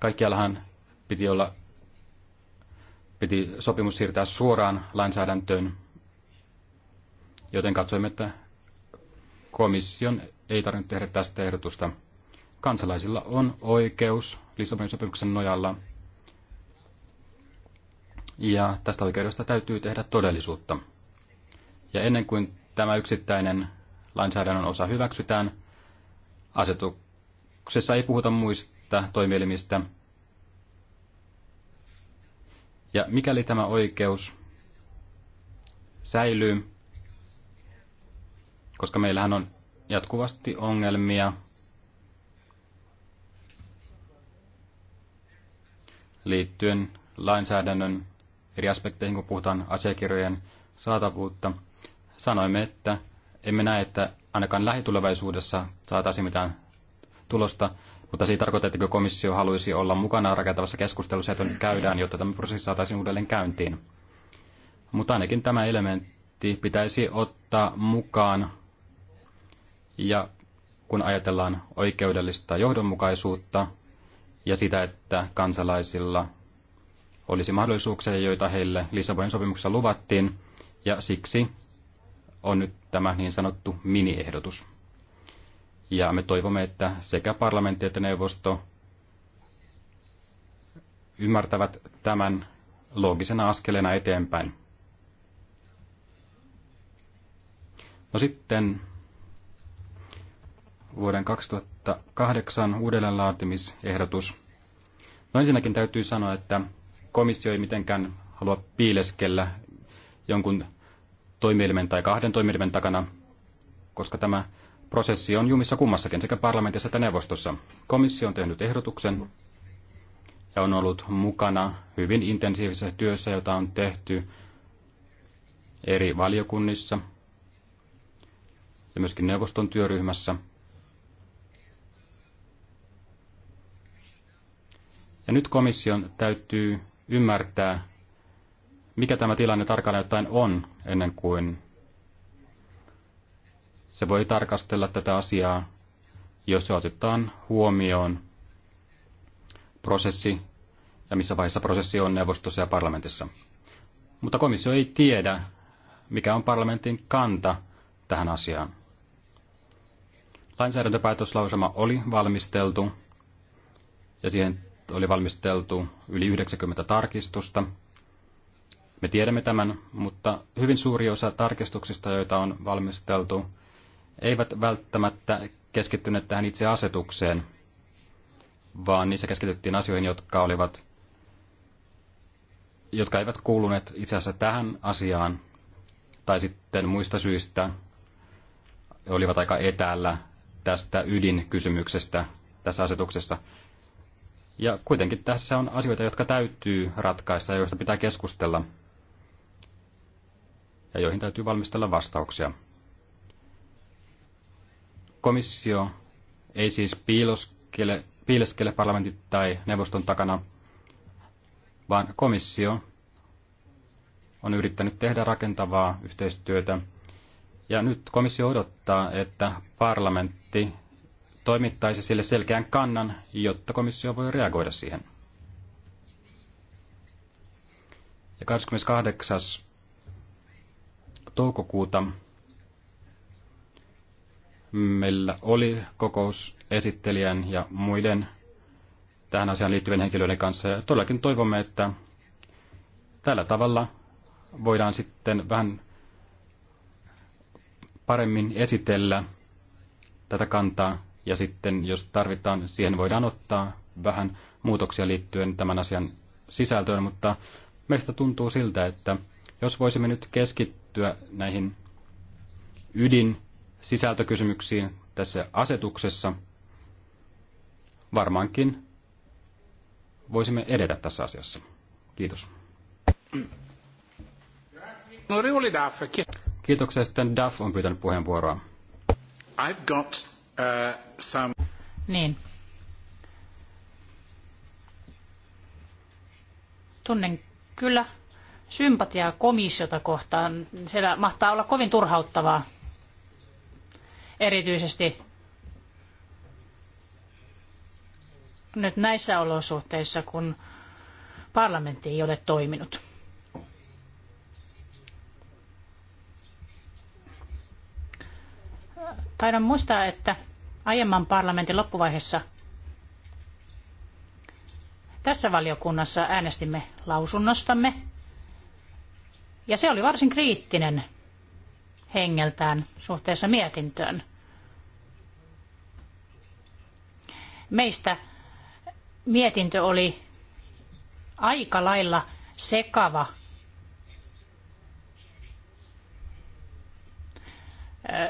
Kaikkiallahan piti olla piti sopimus siirtää suoraan lainsäädäntöön, joten katsoimme, että komission ei tarvitse tehdä tästä ehdotusta. Kansalaisilla on oikeus Lissabonin sopimuksen nojalla, ja tästä oikeudesta täytyy tehdä todellisuutta. Ja ennen kuin tämä yksittäinen lainsäädännön osa hyväksytään. Asetuksessa ei puhuta muista toimielimistä. Ja mikäli tämä oikeus säilyy, koska meillähän on jatkuvasti ongelmia liittyen lainsäädännön eri aspekteihin, kun puhutaan asiakirjojen saatavuutta. Sanoimme, että emme näe, että ainakaan lähitulevaisuudessa saataisiin mitään tulosta, mutta siitä tarkoittaa, että komissio haluaisi olla mukana rakentavassa keskustelussa, että nyt käydään, jotta tämä prosessi saataisiin uudelleen käyntiin. Mutta ainakin tämä elementti pitäisi ottaa mukaan ja kun ajatellaan oikeudellista johdonmukaisuutta ja sitä, että kansalaisilla olisi mahdollisuuksia, joita heille Lissabonin sopimuksessa luvattiin, ja siksi on nyt tämä niin sanottu miniehdotus. Ja me toivomme, että sekä parlamentti että neuvosto ymmärtävät tämän loogisena askeleena eteenpäin. No sitten vuoden 2008 uudelleenlaatimisehdotus. No ensinnäkin täytyy sanoa, että komissio ei mitenkään halua piileskellä jonkun toimielimen tai kahden toimielimen takana, koska tämä prosessi on jumissa kummassakin sekä parlamentissa että neuvostossa. Komissio on tehnyt ehdotuksen ja on ollut mukana hyvin intensiivisessä työssä, jota on tehty eri valiokunnissa ja myöskin neuvoston työryhmässä. Ja nyt komission täytyy ymmärtää, mikä tämä tilanne tarkalleen ottaen on, ennen kuin se voi tarkastella tätä asiaa, jos se otetaan huomioon prosessi ja missä vaiheessa prosessi on neuvostossa ja parlamentissa. Mutta komissio ei tiedä, mikä on parlamentin kanta tähän asiaan. Lainsäädäntöpäätöslausema oli valmisteltu ja siihen oli valmisteltu yli 90 tarkistusta – me tiedämme tämän, mutta hyvin suuri osa tarkistuksista, joita on valmisteltu, eivät välttämättä keskittyneet tähän itse asetukseen, vaan niissä keskityttiin asioihin, jotka olivat jotka eivät kuuluneet itse asiassa tähän asiaan, tai sitten muista syistä olivat aika etäällä tästä ydinkysymyksestä tässä asetuksessa. Ja kuitenkin tässä on asioita, jotka täytyy ratkaista ja joista pitää keskustella ja joihin täytyy valmistella vastauksia. Komissio ei siis piiloskele, piileskele parlamentit tai neuvoston takana, vaan komissio on yrittänyt tehdä rakentavaa yhteistyötä. Ja nyt komissio odottaa, että parlamentti toimittaisi sille selkeän kannan, jotta komissio voi reagoida siihen. Ja 28 toukokuuta meillä oli kokous esittelijän ja muiden tähän asiaan liittyvien henkilöiden kanssa. Ja todellakin toivomme, että tällä tavalla voidaan sitten vähän paremmin esitellä tätä kantaa ja sitten jos tarvitaan, siihen voidaan ottaa vähän muutoksia liittyen tämän asian sisältöön, mutta meistä tuntuu siltä, että jos voisimme nyt keskittyä näihin ydin sisältökysymyksiin tässä asetuksessa, varmaankin voisimme edetä tässä asiassa. Kiitos. Kiitoksia. Sitten Duff on pyytänyt puheenvuoroa. I've got, uh, some... Niin. Tunnen kyllä sympatiaa komissiota kohtaan. Siellä mahtaa olla kovin turhauttavaa, erityisesti nyt näissä olosuhteissa, kun parlamentti ei ole toiminut. Taidan muistaa, että aiemman parlamentin loppuvaiheessa tässä valiokunnassa äänestimme lausunnostamme ja se oli varsin kriittinen hengeltään suhteessa mietintöön. Meistä mietintö oli aika lailla sekava.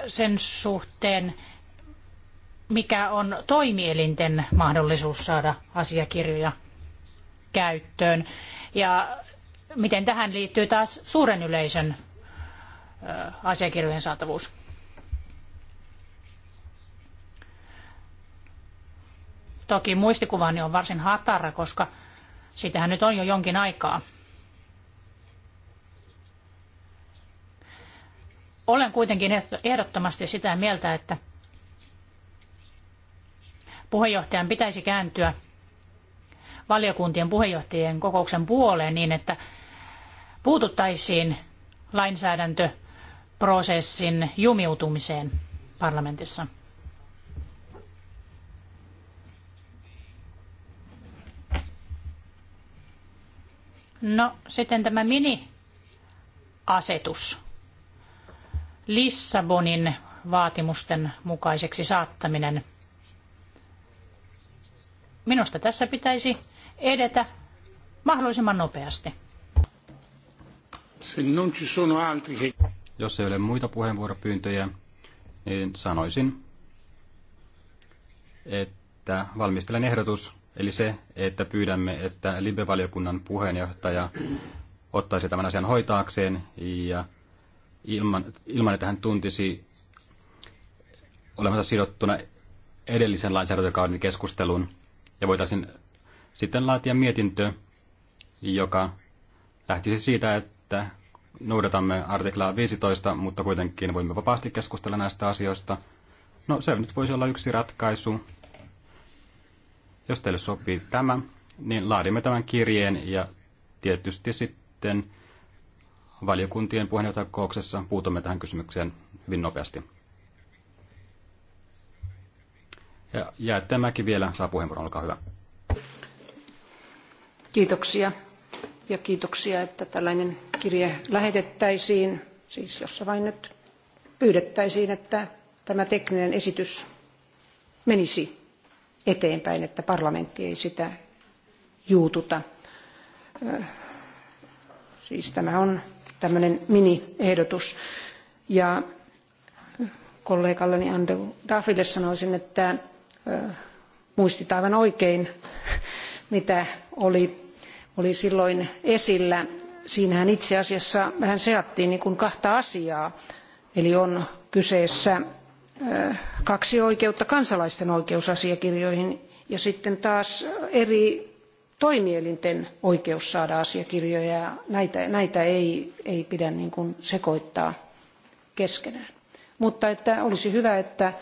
sen suhteen, mikä on toimielinten mahdollisuus saada asiakirjoja käyttöön. Ja miten tähän liittyy taas suuren yleisön asiakirjojen saatavuus? Toki muistikuvani on varsin hatara, koska sitähän nyt on jo jonkin aikaa. Olen kuitenkin ehdottomasti sitä mieltä, että puheenjohtajan pitäisi kääntyä valiokuntien puheenjohtajien kokouksen puoleen niin, että puututtaisiin lainsäädäntöprosessin jumiutumiseen parlamentissa? No sitten tämä mini-asetus. Lissabonin vaatimusten mukaiseksi saattaminen. Minusta tässä pitäisi edetä mahdollisimman nopeasti. Jos ei ole muita puheenvuoropyyntöjä, niin sanoisin, että valmistelen ehdotus, eli se, että pyydämme, että Libe-valiokunnan puheenjohtaja ottaisi tämän asian hoitaakseen ja ilman, ilman että hän tuntisi olemassa sidottuna edellisen lainsäädäntökauden keskusteluun ja voitaisiin sitten laatia mietintö, joka lähtisi siitä, että noudatamme artiklaa 15, mutta kuitenkin voimme vapaasti keskustella näistä asioista. No se nyt voisi olla yksi ratkaisu. Jos teille sopii tämä, niin laadimme tämän kirjeen ja tietysti sitten valiokuntien puheenjohtajakouksessa puutumme tähän kysymykseen hyvin nopeasti. Ja Jäättämäki vielä saa puheenvuoron, olkaa hyvä. Kiitoksia ja kiitoksia, että tällainen kirje lähetettäisiin, siis jossa vain nyt pyydettäisiin, että tämä tekninen esitys menisi eteenpäin, että parlamentti ei sitä juututa. Siis tämä on tämmöinen mini-ehdotus. Ja kollegalleni Andrew Duffille sanoisin, että muistit aivan oikein, mitä oli, oli silloin esillä siinähän itse asiassa vähän seattiin niin kahta asiaa. Eli on kyseessä äh, kaksi oikeutta kansalaisten oikeusasiakirjoihin ja sitten taas eri toimielinten oikeus saada asiakirjoja ja näitä, näitä ei, ei pidä niin kuin sekoittaa keskenään. Mutta että olisi hyvä, että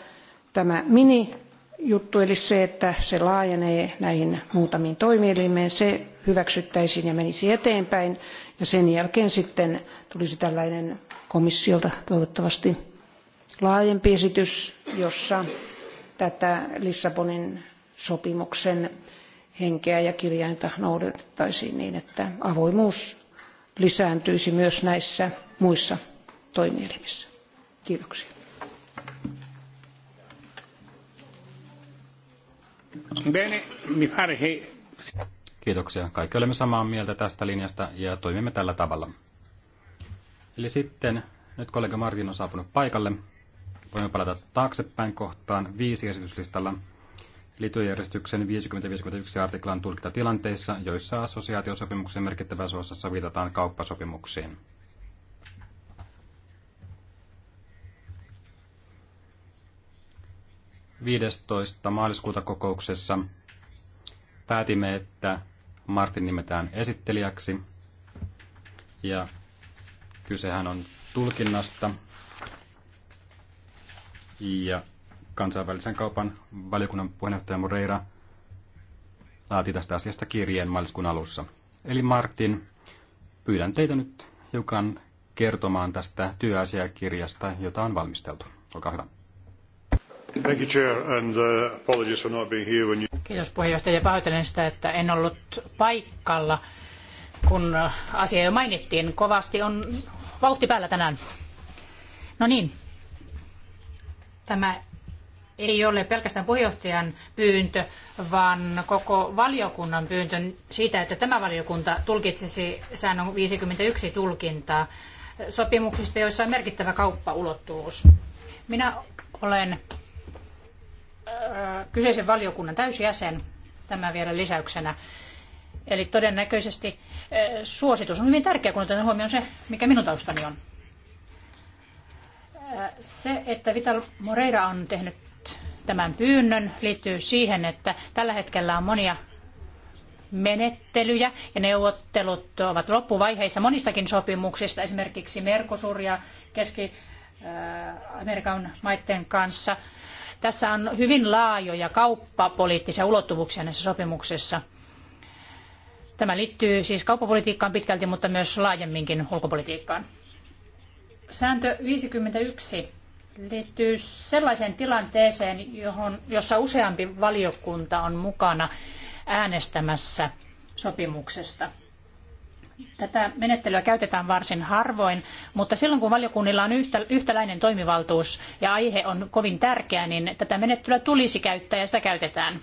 tämä mini juttu, eli se, että se laajenee näihin muutamiin toimielimeen, se hyväksyttäisiin ja menisi eteenpäin. Ja sen jälkeen sitten tulisi tällainen komissiolta toivottavasti laajempi esitys, jossa tätä Lissabonin sopimuksen henkeä ja kirjainta noudatettaisiin niin, että avoimuus lisääntyisi myös näissä muissa toimielimissä. Kiitoksia. Bene, mi pare Kiitoksia. Kaikki olemme samaa mieltä tästä linjasta ja toimimme tällä tavalla. Eli sitten, nyt kollega Martin on saapunut paikalle. Voimme palata taaksepäin kohtaan viisi esityslistalla. Eli työjärjestyksen 50-51 artiklan tulkintatilanteissa, joissa assosiaatiosopimuksen merkittävässä osassa viitataan kauppasopimuksiin. 15. maaliskuuta kokouksessa päätimme, että Martin nimetään esittelijäksi. Ja kysehän on tulkinnasta ja kansainvälisen kaupan valiokunnan puheenjohtaja Moreira laati tästä asiasta kirjeen maaliskuun alussa. Eli Martin, pyydän teitä nyt hiukan kertomaan tästä työasiakirjasta, jota on valmisteltu. Olkaa hyvä. Kiitos puheenjohtaja. Pahoittelen sitä, että en ollut paikalla, kun uh, asia jo mainittiin. Kovasti on vauhti päällä tänään. No niin. Tämä ei ole pelkästään puheenjohtajan pyyntö, vaan koko valiokunnan pyyntö siitä, että tämä valiokunta tulkitsisi säännön 51 tulkintaa sopimuksista, joissa on merkittävä kauppaulottuvuus. Minä olen kyseisen valiokunnan täysjäsen, tämä vielä lisäyksenä. Eli todennäköisesti suositus on hyvin tärkeä, kun otetaan huomioon se, mikä minun taustani on. Se, että Vital Moreira on tehnyt tämän pyynnön, liittyy siihen, että tällä hetkellä on monia menettelyjä ja neuvottelut ovat loppuvaiheissa monistakin sopimuksista, esimerkiksi Mercosur ja Keski-Amerikan maiden kanssa – tässä on hyvin laajoja kauppapoliittisia ulottuvuuksia näissä sopimuksissa. Tämä liittyy siis kauppapolitiikkaan pitkälti, mutta myös laajemminkin ulkopolitiikkaan. Sääntö 51 liittyy sellaiseen tilanteeseen, johon, jossa useampi valiokunta on mukana äänestämässä sopimuksesta. Tätä menettelyä käytetään varsin harvoin, mutta silloin kun valiokunnilla on yhtä, yhtäläinen toimivaltuus ja aihe on kovin tärkeä, niin tätä menettelyä tulisi käyttää ja sitä käytetään.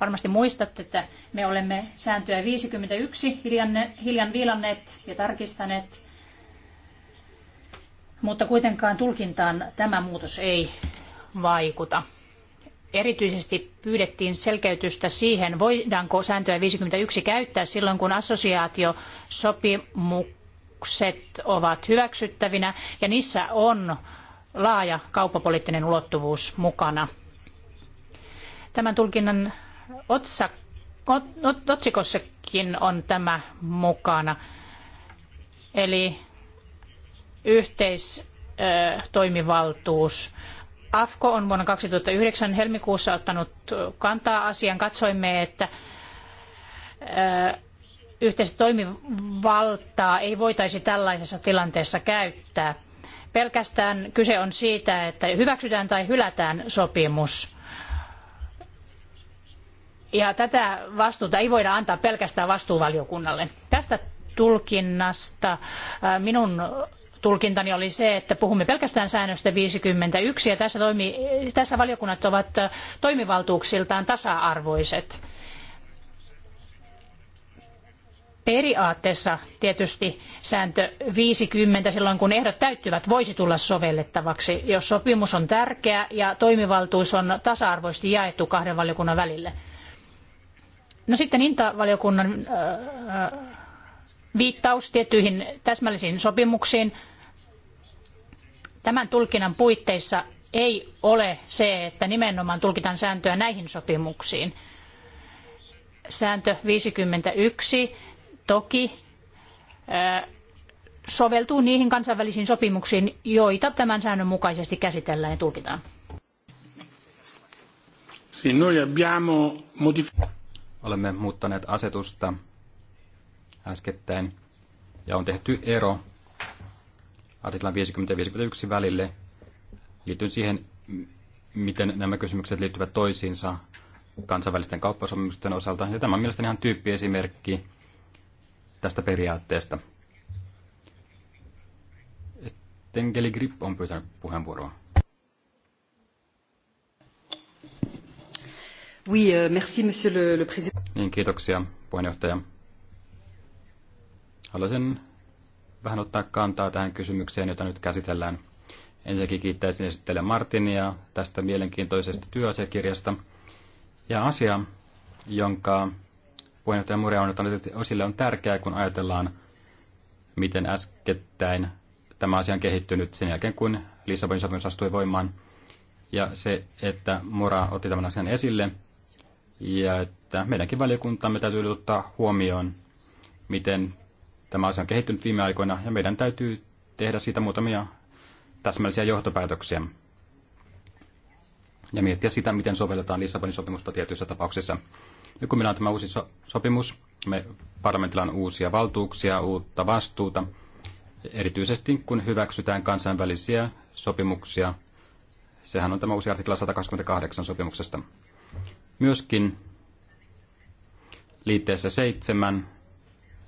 Varmasti muistatte, että me olemme sääntöä 51 hiljanne, hiljan viilanneet ja tarkistaneet, mutta kuitenkaan tulkintaan tämä muutos ei vaikuta erityisesti pyydettiin selkeytystä siihen, voidaanko sääntöä 51 käyttää silloin, kun assosiaatiosopimukset ovat hyväksyttävinä ja niissä on laaja kauppapoliittinen ulottuvuus mukana. Tämän tulkinnan otsak, ot, ot, otsikossakin on tämä mukana. Eli yhteistoimivaltuus. Äh, AFCO on vuonna 2009 helmikuussa ottanut kantaa asiaan. Katsoimme, että yhteistä toimivaltaa ei voitaisi tällaisessa tilanteessa käyttää. Pelkästään kyse on siitä, että hyväksytään tai hylätään sopimus. Ja tätä vastuuta ei voida antaa pelkästään vastuuvaliokunnalle. Tästä tulkinnasta minun tulkintani oli se, että puhumme pelkästään säännöstä 51 ja tässä, toimi, tässä valiokunnat ovat toimivaltuuksiltaan tasa-arvoiset. Periaatteessa tietysti sääntö 50 silloin, kun ehdot täyttyvät, voisi tulla sovellettavaksi, jos sopimus on tärkeä ja toimivaltuus on tasa-arvoisesti jaettu kahden valiokunnan välille. No sitten Inta-valiokunnan viittaus tiettyihin täsmällisiin sopimuksiin. Tämän tulkinnan puitteissa ei ole se, että nimenomaan tulkitaan sääntöä näihin sopimuksiin. Sääntö 51 toki soveltuu niihin kansainvälisiin sopimuksiin, joita tämän säännön mukaisesti käsitellään ja tulkitaan. Olemme muuttaneet asetusta äskettäin ja on tehty ero artiklan 50 ja 51 välille liittyen siihen, miten nämä kysymykset liittyvät toisiinsa kansainvälisten kauppasopimusten osalta. Ja tämä on mielestäni ihan tyyppiesimerkki tästä periaatteesta. Tengeli Grip on pyytänyt puheenvuoroa. Oui, euh, merci, monsieur le, le président. Niin, kiitoksia, puheenjohtaja. Haluaisin vähän ottaa kantaa tähän kysymykseen, jota nyt käsitellään. Ensinnäkin kiittäisin esittele Martinia tästä mielenkiintoisesta työasiakirjasta. Ja asia, jonka puheenjohtaja Murea on ottanut osille, on tärkeää, kun ajatellaan, miten äskettäin tämä asia on kehittynyt sen jälkeen, kun Lissabonin sopimus astui voimaan. Ja se, että Mora otti tämän asian esille, ja että meidänkin valiokuntamme täytyy ottaa huomioon, miten Tämä asia on kehittynyt viime aikoina ja meidän täytyy tehdä siitä muutamia täsmällisiä johtopäätöksiä ja miettiä sitä, miten sovelletaan Lissabonin sopimusta tietyissä tapauksissa. Nyt kun meillä on tämä uusi so- sopimus, me parlamentilla on uusia valtuuksia, uutta vastuuta, erityisesti kun hyväksytään kansainvälisiä sopimuksia. Sehän on tämä uusi artikla 128 sopimuksesta. Myöskin liitteessä 7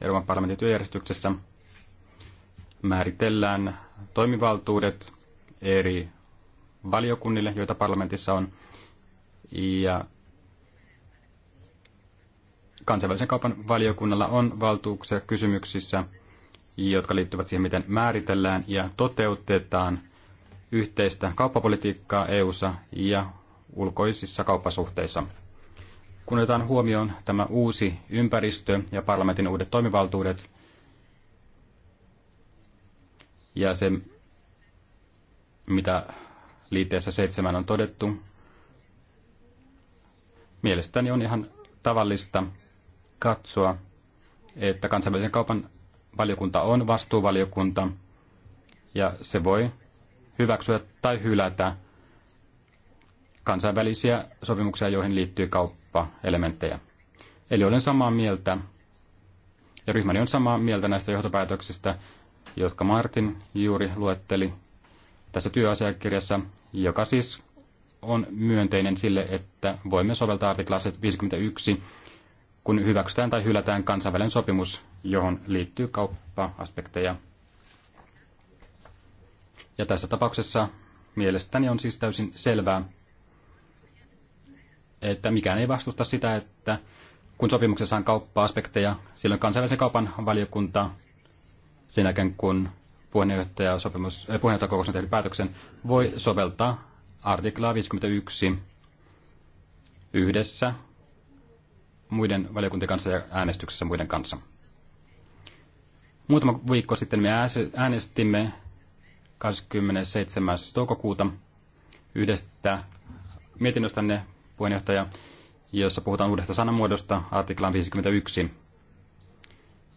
Euroopan parlamentin työjärjestyksessä määritellään toimivaltuudet eri valiokunnille, joita parlamentissa on, ja kansainvälisen kaupan valiokunnalla on valtuuksia kysymyksissä, jotka liittyvät siihen, miten määritellään ja toteutetaan yhteistä kauppapolitiikkaa EU:ssa ja ulkoisissa kauppasuhteissa. Kun otetaan huomioon tämä uusi ympäristö ja parlamentin uudet toimivaltuudet ja se, mitä liitteessä seitsemän on todettu, mielestäni on ihan tavallista katsoa, että kansainvälisen kaupan valiokunta on vastuuvaliokunta ja se voi hyväksyä tai hylätä kansainvälisiä sopimuksia, joihin liittyy kauppaelementtejä. Eli olen samaa mieltä, ja ryhmäni on samaa mieltä näistä johtopäätöksistä, jotka Martin juuri luetteli tässä työasiakirjassa, joka siis on myönteinen sille, että voimme soveltaa artiklaa 51, kun hyväksytään tai hylätään kansainvälinen sopimus, johon liittyy kauppa-aspekteja. Ja tässä tapauksessa mielestäni on siis täysin selvää, että mikään ei vastusta sitä, että kun sopimuksessa on kauppa-aspekteja, silloin kansainvälisen kaupan valiokunta sen jälkeen, kun puheenjohtaja sopimus, äh, puheenjohtajakokous on tehnyt päätöksen, voi soveltaa artiklaa 51 yhdessä muiden valiokuntien kanssa ja äänestyksessä muiden kanssa. Muutama viikko sitten me äänestimme 27. toukokuuta yhdestä mietinnöstänne puheenjohtaja, jossa puhutaan uudesta sanamuodosta, artiklan 51.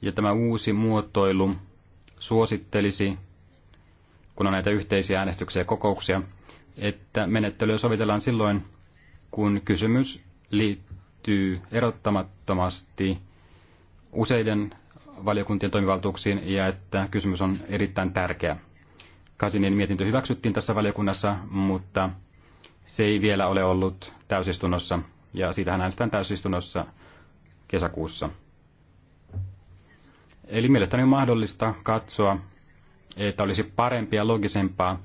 Ja tämä uusi muotoilu suosittelisi, kun on näitä yhteisiä äänestyksiä ja kokouksia, että menettelyä sovitellaan silloin, kun kysymys liittyy erottamattomasti useiden valiokuntien toimivaltuuksiin ja että kysymys on erittäin tärkeä. Kasinin mietintö hyväksyttiin tässä valiokunnassa, mutta se ei vielä ole ollut täysistunnossa ja siitähän äänestetään täysistunnossa kesäkuussa. Eli mielestäni on mahdollista katsoa, että olisi parempi ja logisempaa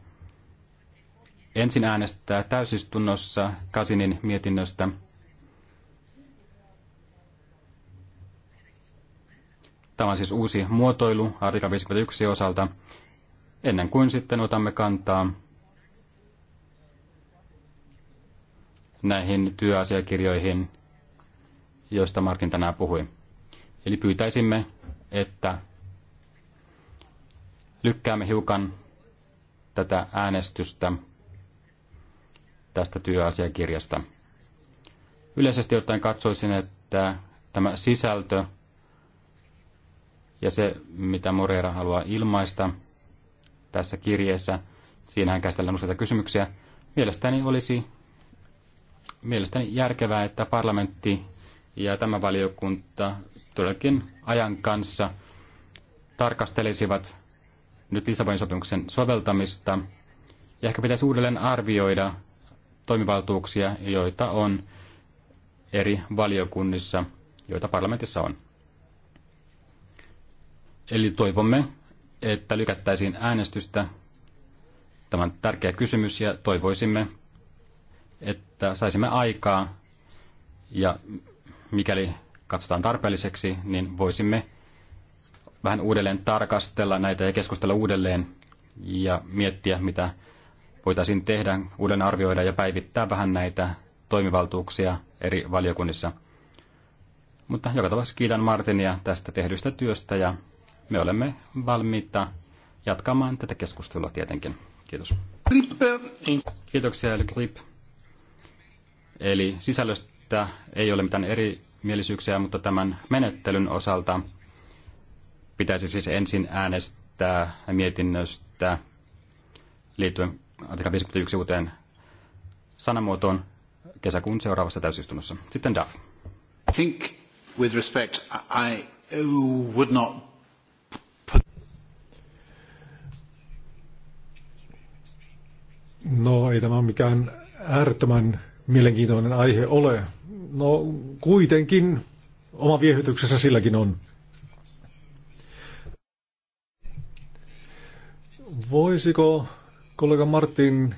ensin äänestää täysistunnossa Kasinin mietinnöstä Tämä on siis uusi muotoilu artikla 51 osalta, ennen kuin sitten otamme kantaa näihin työasiakirjoihin, joista Martin tänään puhui. Eli pyytäisimme, että lykkäämme hiukan tätä äänestystä tästä työasiakirjasta. Yleisesti ottaen katsoisin, että tämä sisältö ja se, mitä Moreira haluaa ilmaista tässä kirjeessä, siinähän käsitellään useita kysymyksiä, mielestäni olisi mielestäni järkevää, että parlamentti ja tämä valiokunta todellakin ajan kanssa tarkastelisivat nyt Lissabonin sopimuksen soveltamista. Ja ehkä pitäisi uudelleen arvioida toimivaltuuksia, joita on eri valiokunnissa, joita parlamentissa on. Eli toivomme, että lykättäisiin äänestystä. Tämä on tärkeä kysymys ja toivoisimme, että saisimme aikaa ja mikäli katsotaan tarpeelliseksi, niin voisimme vähän uudelleen tarkastella näitä ja keskustella uudelleen ja miettiä, mitä voitaisiin tehdä, uuden arvioida ja päivittää vähän näitä toimivaltuuksia eri valiokunnissa. Mutta joka tapauksessa kiitän Martinia tästä tehdystä työstä ja me olemme valmiita jatkamaan tätä keskustelua tietenkin. Kiitos. Kiitoksia, eli Eli sisällöstä ei ole mitään erimielisyyksiä, mutta tämän menettelyn osalta pitäisi siis ensin äänestää mietinnöstä liittyen artikla 51 uuteen sanamuotoon kesäkuun seuraavassa täysistunnossa. Sitten Duff. I think with respect, I would not put... No ei tämä ole mikään äärettömän mielenkiintoinen aihe ole. No kuitenkin oma viehytyksessä silläkin on. Voisiko kollega Martin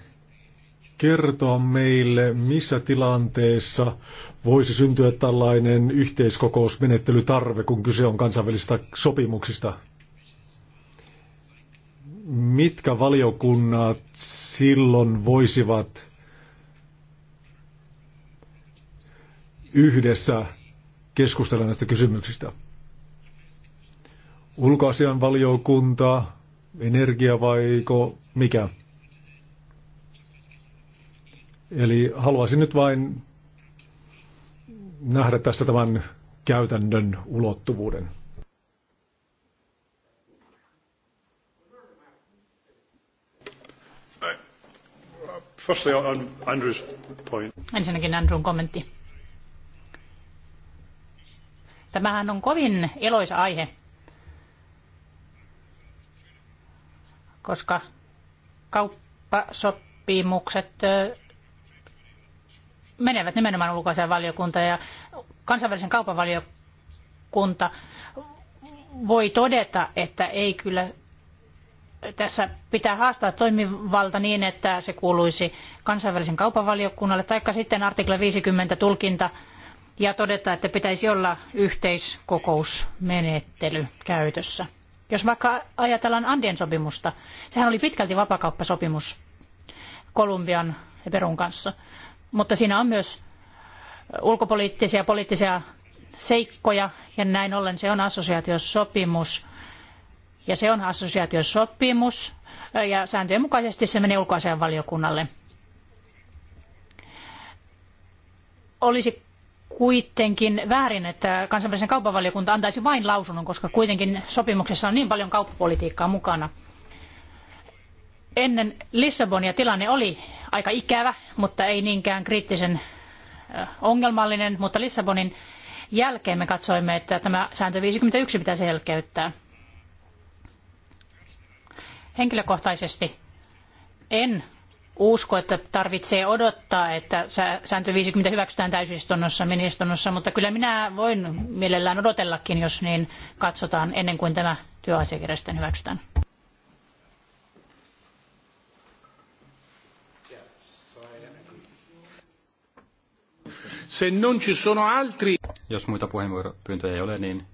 kertoa meille, missä tilanteessa voisi syntyä tällainen yhteiskokousmenettelytarve, kun kyse on kansainvälisistä sopimuksista? Mitkä valiokunnat silloin voisivat yhdessä keskustella näistä kysymyksistä. Ulkoasian valiokunta, energia vaiko mikä? Eli haluaisin nyt vain nähdä tässä tämän käytännön ulottuvuuden. Firstly on Andrew's point. Ensinnäkin Andrewn kommentti. Tämähän on kovin eloisa aihe, koska kauppasopimukset menevät nimenomaan ulkoisen valiokunta ja kansainvälisen kaupan valiokunta voi todeta, että ei kyllä tässä pitää haastaa toimivalta niin, että se kuuluisi kansainvälisen kaupan valiokunnalle, taikka sitten artikla 50 tulkinta ja todeta, että pitäisi olla yhteiskokousmenettely käytössä. Jos vaikka ajatellaan Andien sopimusta, sehän oli pitkälti vapakauppasopimus Kolumbian ja Perun kanssa, mutta siinä on myös ulkopoliittisia ja poliittisia seikkoja ja näin ollen se on assosiaatiosopimus ja se on assosiaatiosopimus ja sääntöjen mukaisesti se menee valiokunnalle. Olisi kuitenkin väärin, että kansainvälisen kaupavaliokunta antaisi vain lausunnon, koska kuitenkin sopimuksessa on niin paljon kauppapolitiikkaa mukana. Ennen Lissabonia tilanne oli aika ikävä, mutta ei niinkään kriittisen ongelmallinen, mutta Lissabonin jälkeen me katsoimme, että tämä sääntö 51 pitäisi selkeyttää. Henkilökohtaisesti en usko, että tarvitsee odottaa, että sääntö 50 hyväksytään täysistunnossa, ministunnossa, mutta kyllä minä voin mielellään odotellakin, jos niin katsotaan ennen kuin tämä työasiakirja sitten hyväksytään. Se non ci sono altri... Jos muita puheenvuoropyyntöjä ei ole, niin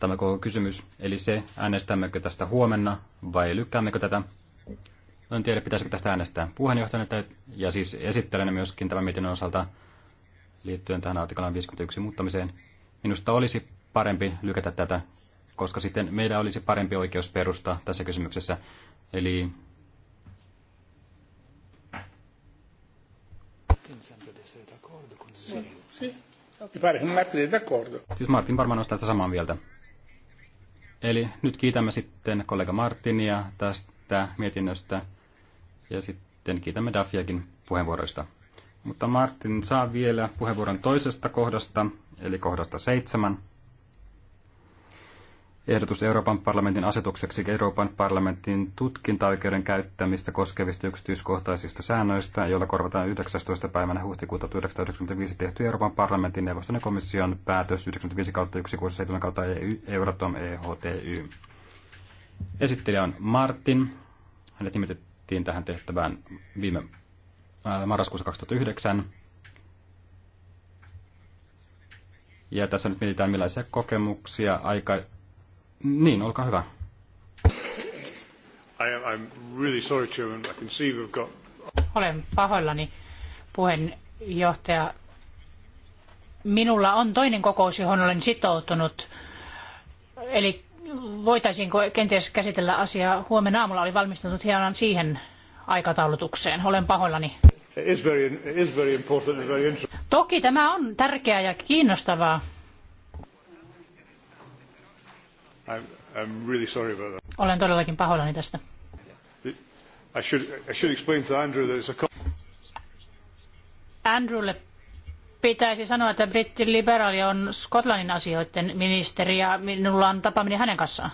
tämä koko kysymys, eli se äänestämmekö tästä huomenna vai lykkäämmekö tätä, en tiedä, pitäisikö tästä äänestää puheenjohtajana että ja siis esittelen myöskin tämän mietinnön osalta liittyen tähän artiklan 51 muuttamiseen. Minusta olisi parempi lykätä tätä, koska sitten meillä olisi parempi oikeus perustaa tässä kysymyksessä. Eli Martin Siis Martin varmaan on tätä samaa mieltä. Eli nyt kiitämme sitten kollega Martinia tästä mietinnöstä ja sitten kiitämme Dafiakin puheenvuoroista. Mutta Martin saa vielä puheenvuoron toisesta kohdasta, eli kohdasta seitsemän. Ehdotus Euroopan parlamentin asetukseksi Euroopan parlamentin tutkintaoikeuden käyttämistä koskevista yksityiskohtaisista säännöistä, joilla korvataan 19. päivänä huhtikuuta 1995 tehty Euroopan parlamentin neuvoston ja komission päätös 95-167 e Euratom EHTY. Esittelijä on Martin. Hänet nimitettiin nimitettiin tähän tehtävään viime äh, marraskuussa 2009. Ja tässä nyt mietitään, millaisia kokemuksia aika... Niin, olkaa hyvä. I, I'm really sorry, Chairman. I can see we've got... Olen pahoillani, puheenjohtaja. Minulla on toinen kokous, johon olen sitoutunut. Eli voitaisiinko kenties käsitellä asiaa huomenna aamulla. Oli valmistunut hieman siihen aikataulutukseen. Olen pahoillani. Very, very very Toki tämä on tärkeää ja kiinnostavaa. I'm, I'm really sorry about that. Olen todellakin pahoillani tästä. I should, I should explain to Andrew that it's a... Andrewlle pitäisi sanoa, että brittiliberaali on Skotlannin asioiden ministeri ja minulla on tapaaminen hänen kanssaan.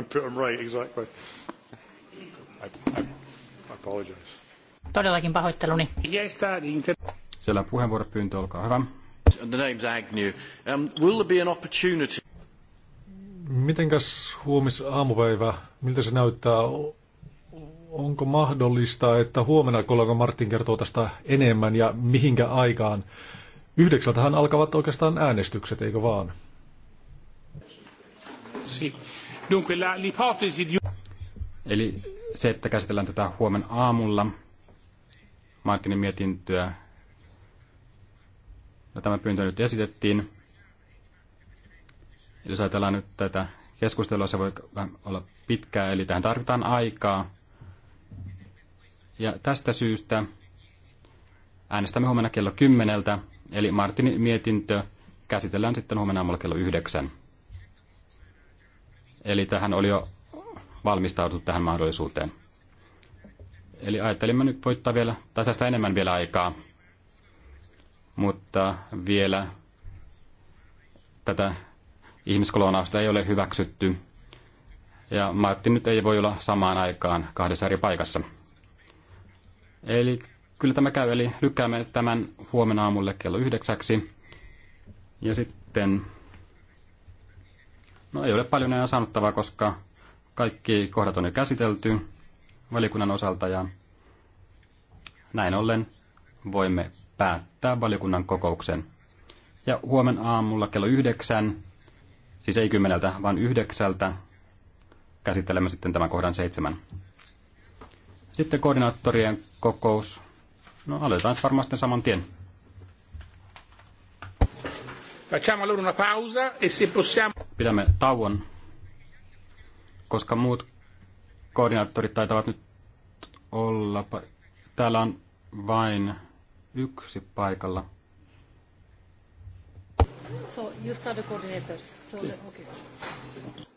I'm right, exactly. I, I, I Todellakin pahoitteluni. Siellä on puheenvuoropyyntö, olkaa hyvä. The name's Agnew. Um, will there be an opportunity? Mitenkäs huomis aamupäivä, miltä se näyttää? onko mahdollista, että huomenna kollega Martin kertoo tästä enemmän ja mihinkä aikaan? Yhdeksältähän alkavat oikeastaan äänestykset, eikö vaan? Eli se, että käsitellään tätä huomenna aamulla, Martinin mietintöä, ja tämä pyyntö nyt esitettiin. Jos ajatellaan nyt tätä keskustelua, se voi olla pitkää, eli tähän tarvitaan aikaa ja tästä syystä äänestämme huomenna kello kymmeneltä, eli Martinin mietintö käsitellään sitten huomenna aamulla kello yhdeksän, Eli tähän oli jo valmistautunut tähän mahdollisuuteen. Eli ajattelimme nyt voittaa vielä, tai säästää enemmän vielä aikaa, mutta vielä tätä ihmiskoloonausta ei ole hyväksytty. Ja Martti nyt ei voi olla samaan aikaan kahdessa eri paikassa. Eli kyllä tämä käy, eli lykkäämme tämän huomenna aamulle kello yhdeksäksi. Ja sitten, no ei ole paljon enää sanottavaa, koska kaikki kohdat on jo käsitelty valiokunnan osalta ja näin ollen voimme päättää valiokunnan kokouksen. Ja huomenna aamulla kello yhdeksän, siis ei kymmeneltä, vaan yhdeksältä, käsittelemme sitten tämän kohdan seitsemän. Sitten koordinaattorien kokous. No aloitetaan siis varmasti saman tien. Facciamo allora una pausa e se possiamo... Pidämme tauon, koska muut koordinaattorit taitavat nyt olla... Täällä on vain yksi paikalla. So you start the coordinators. So the, okay.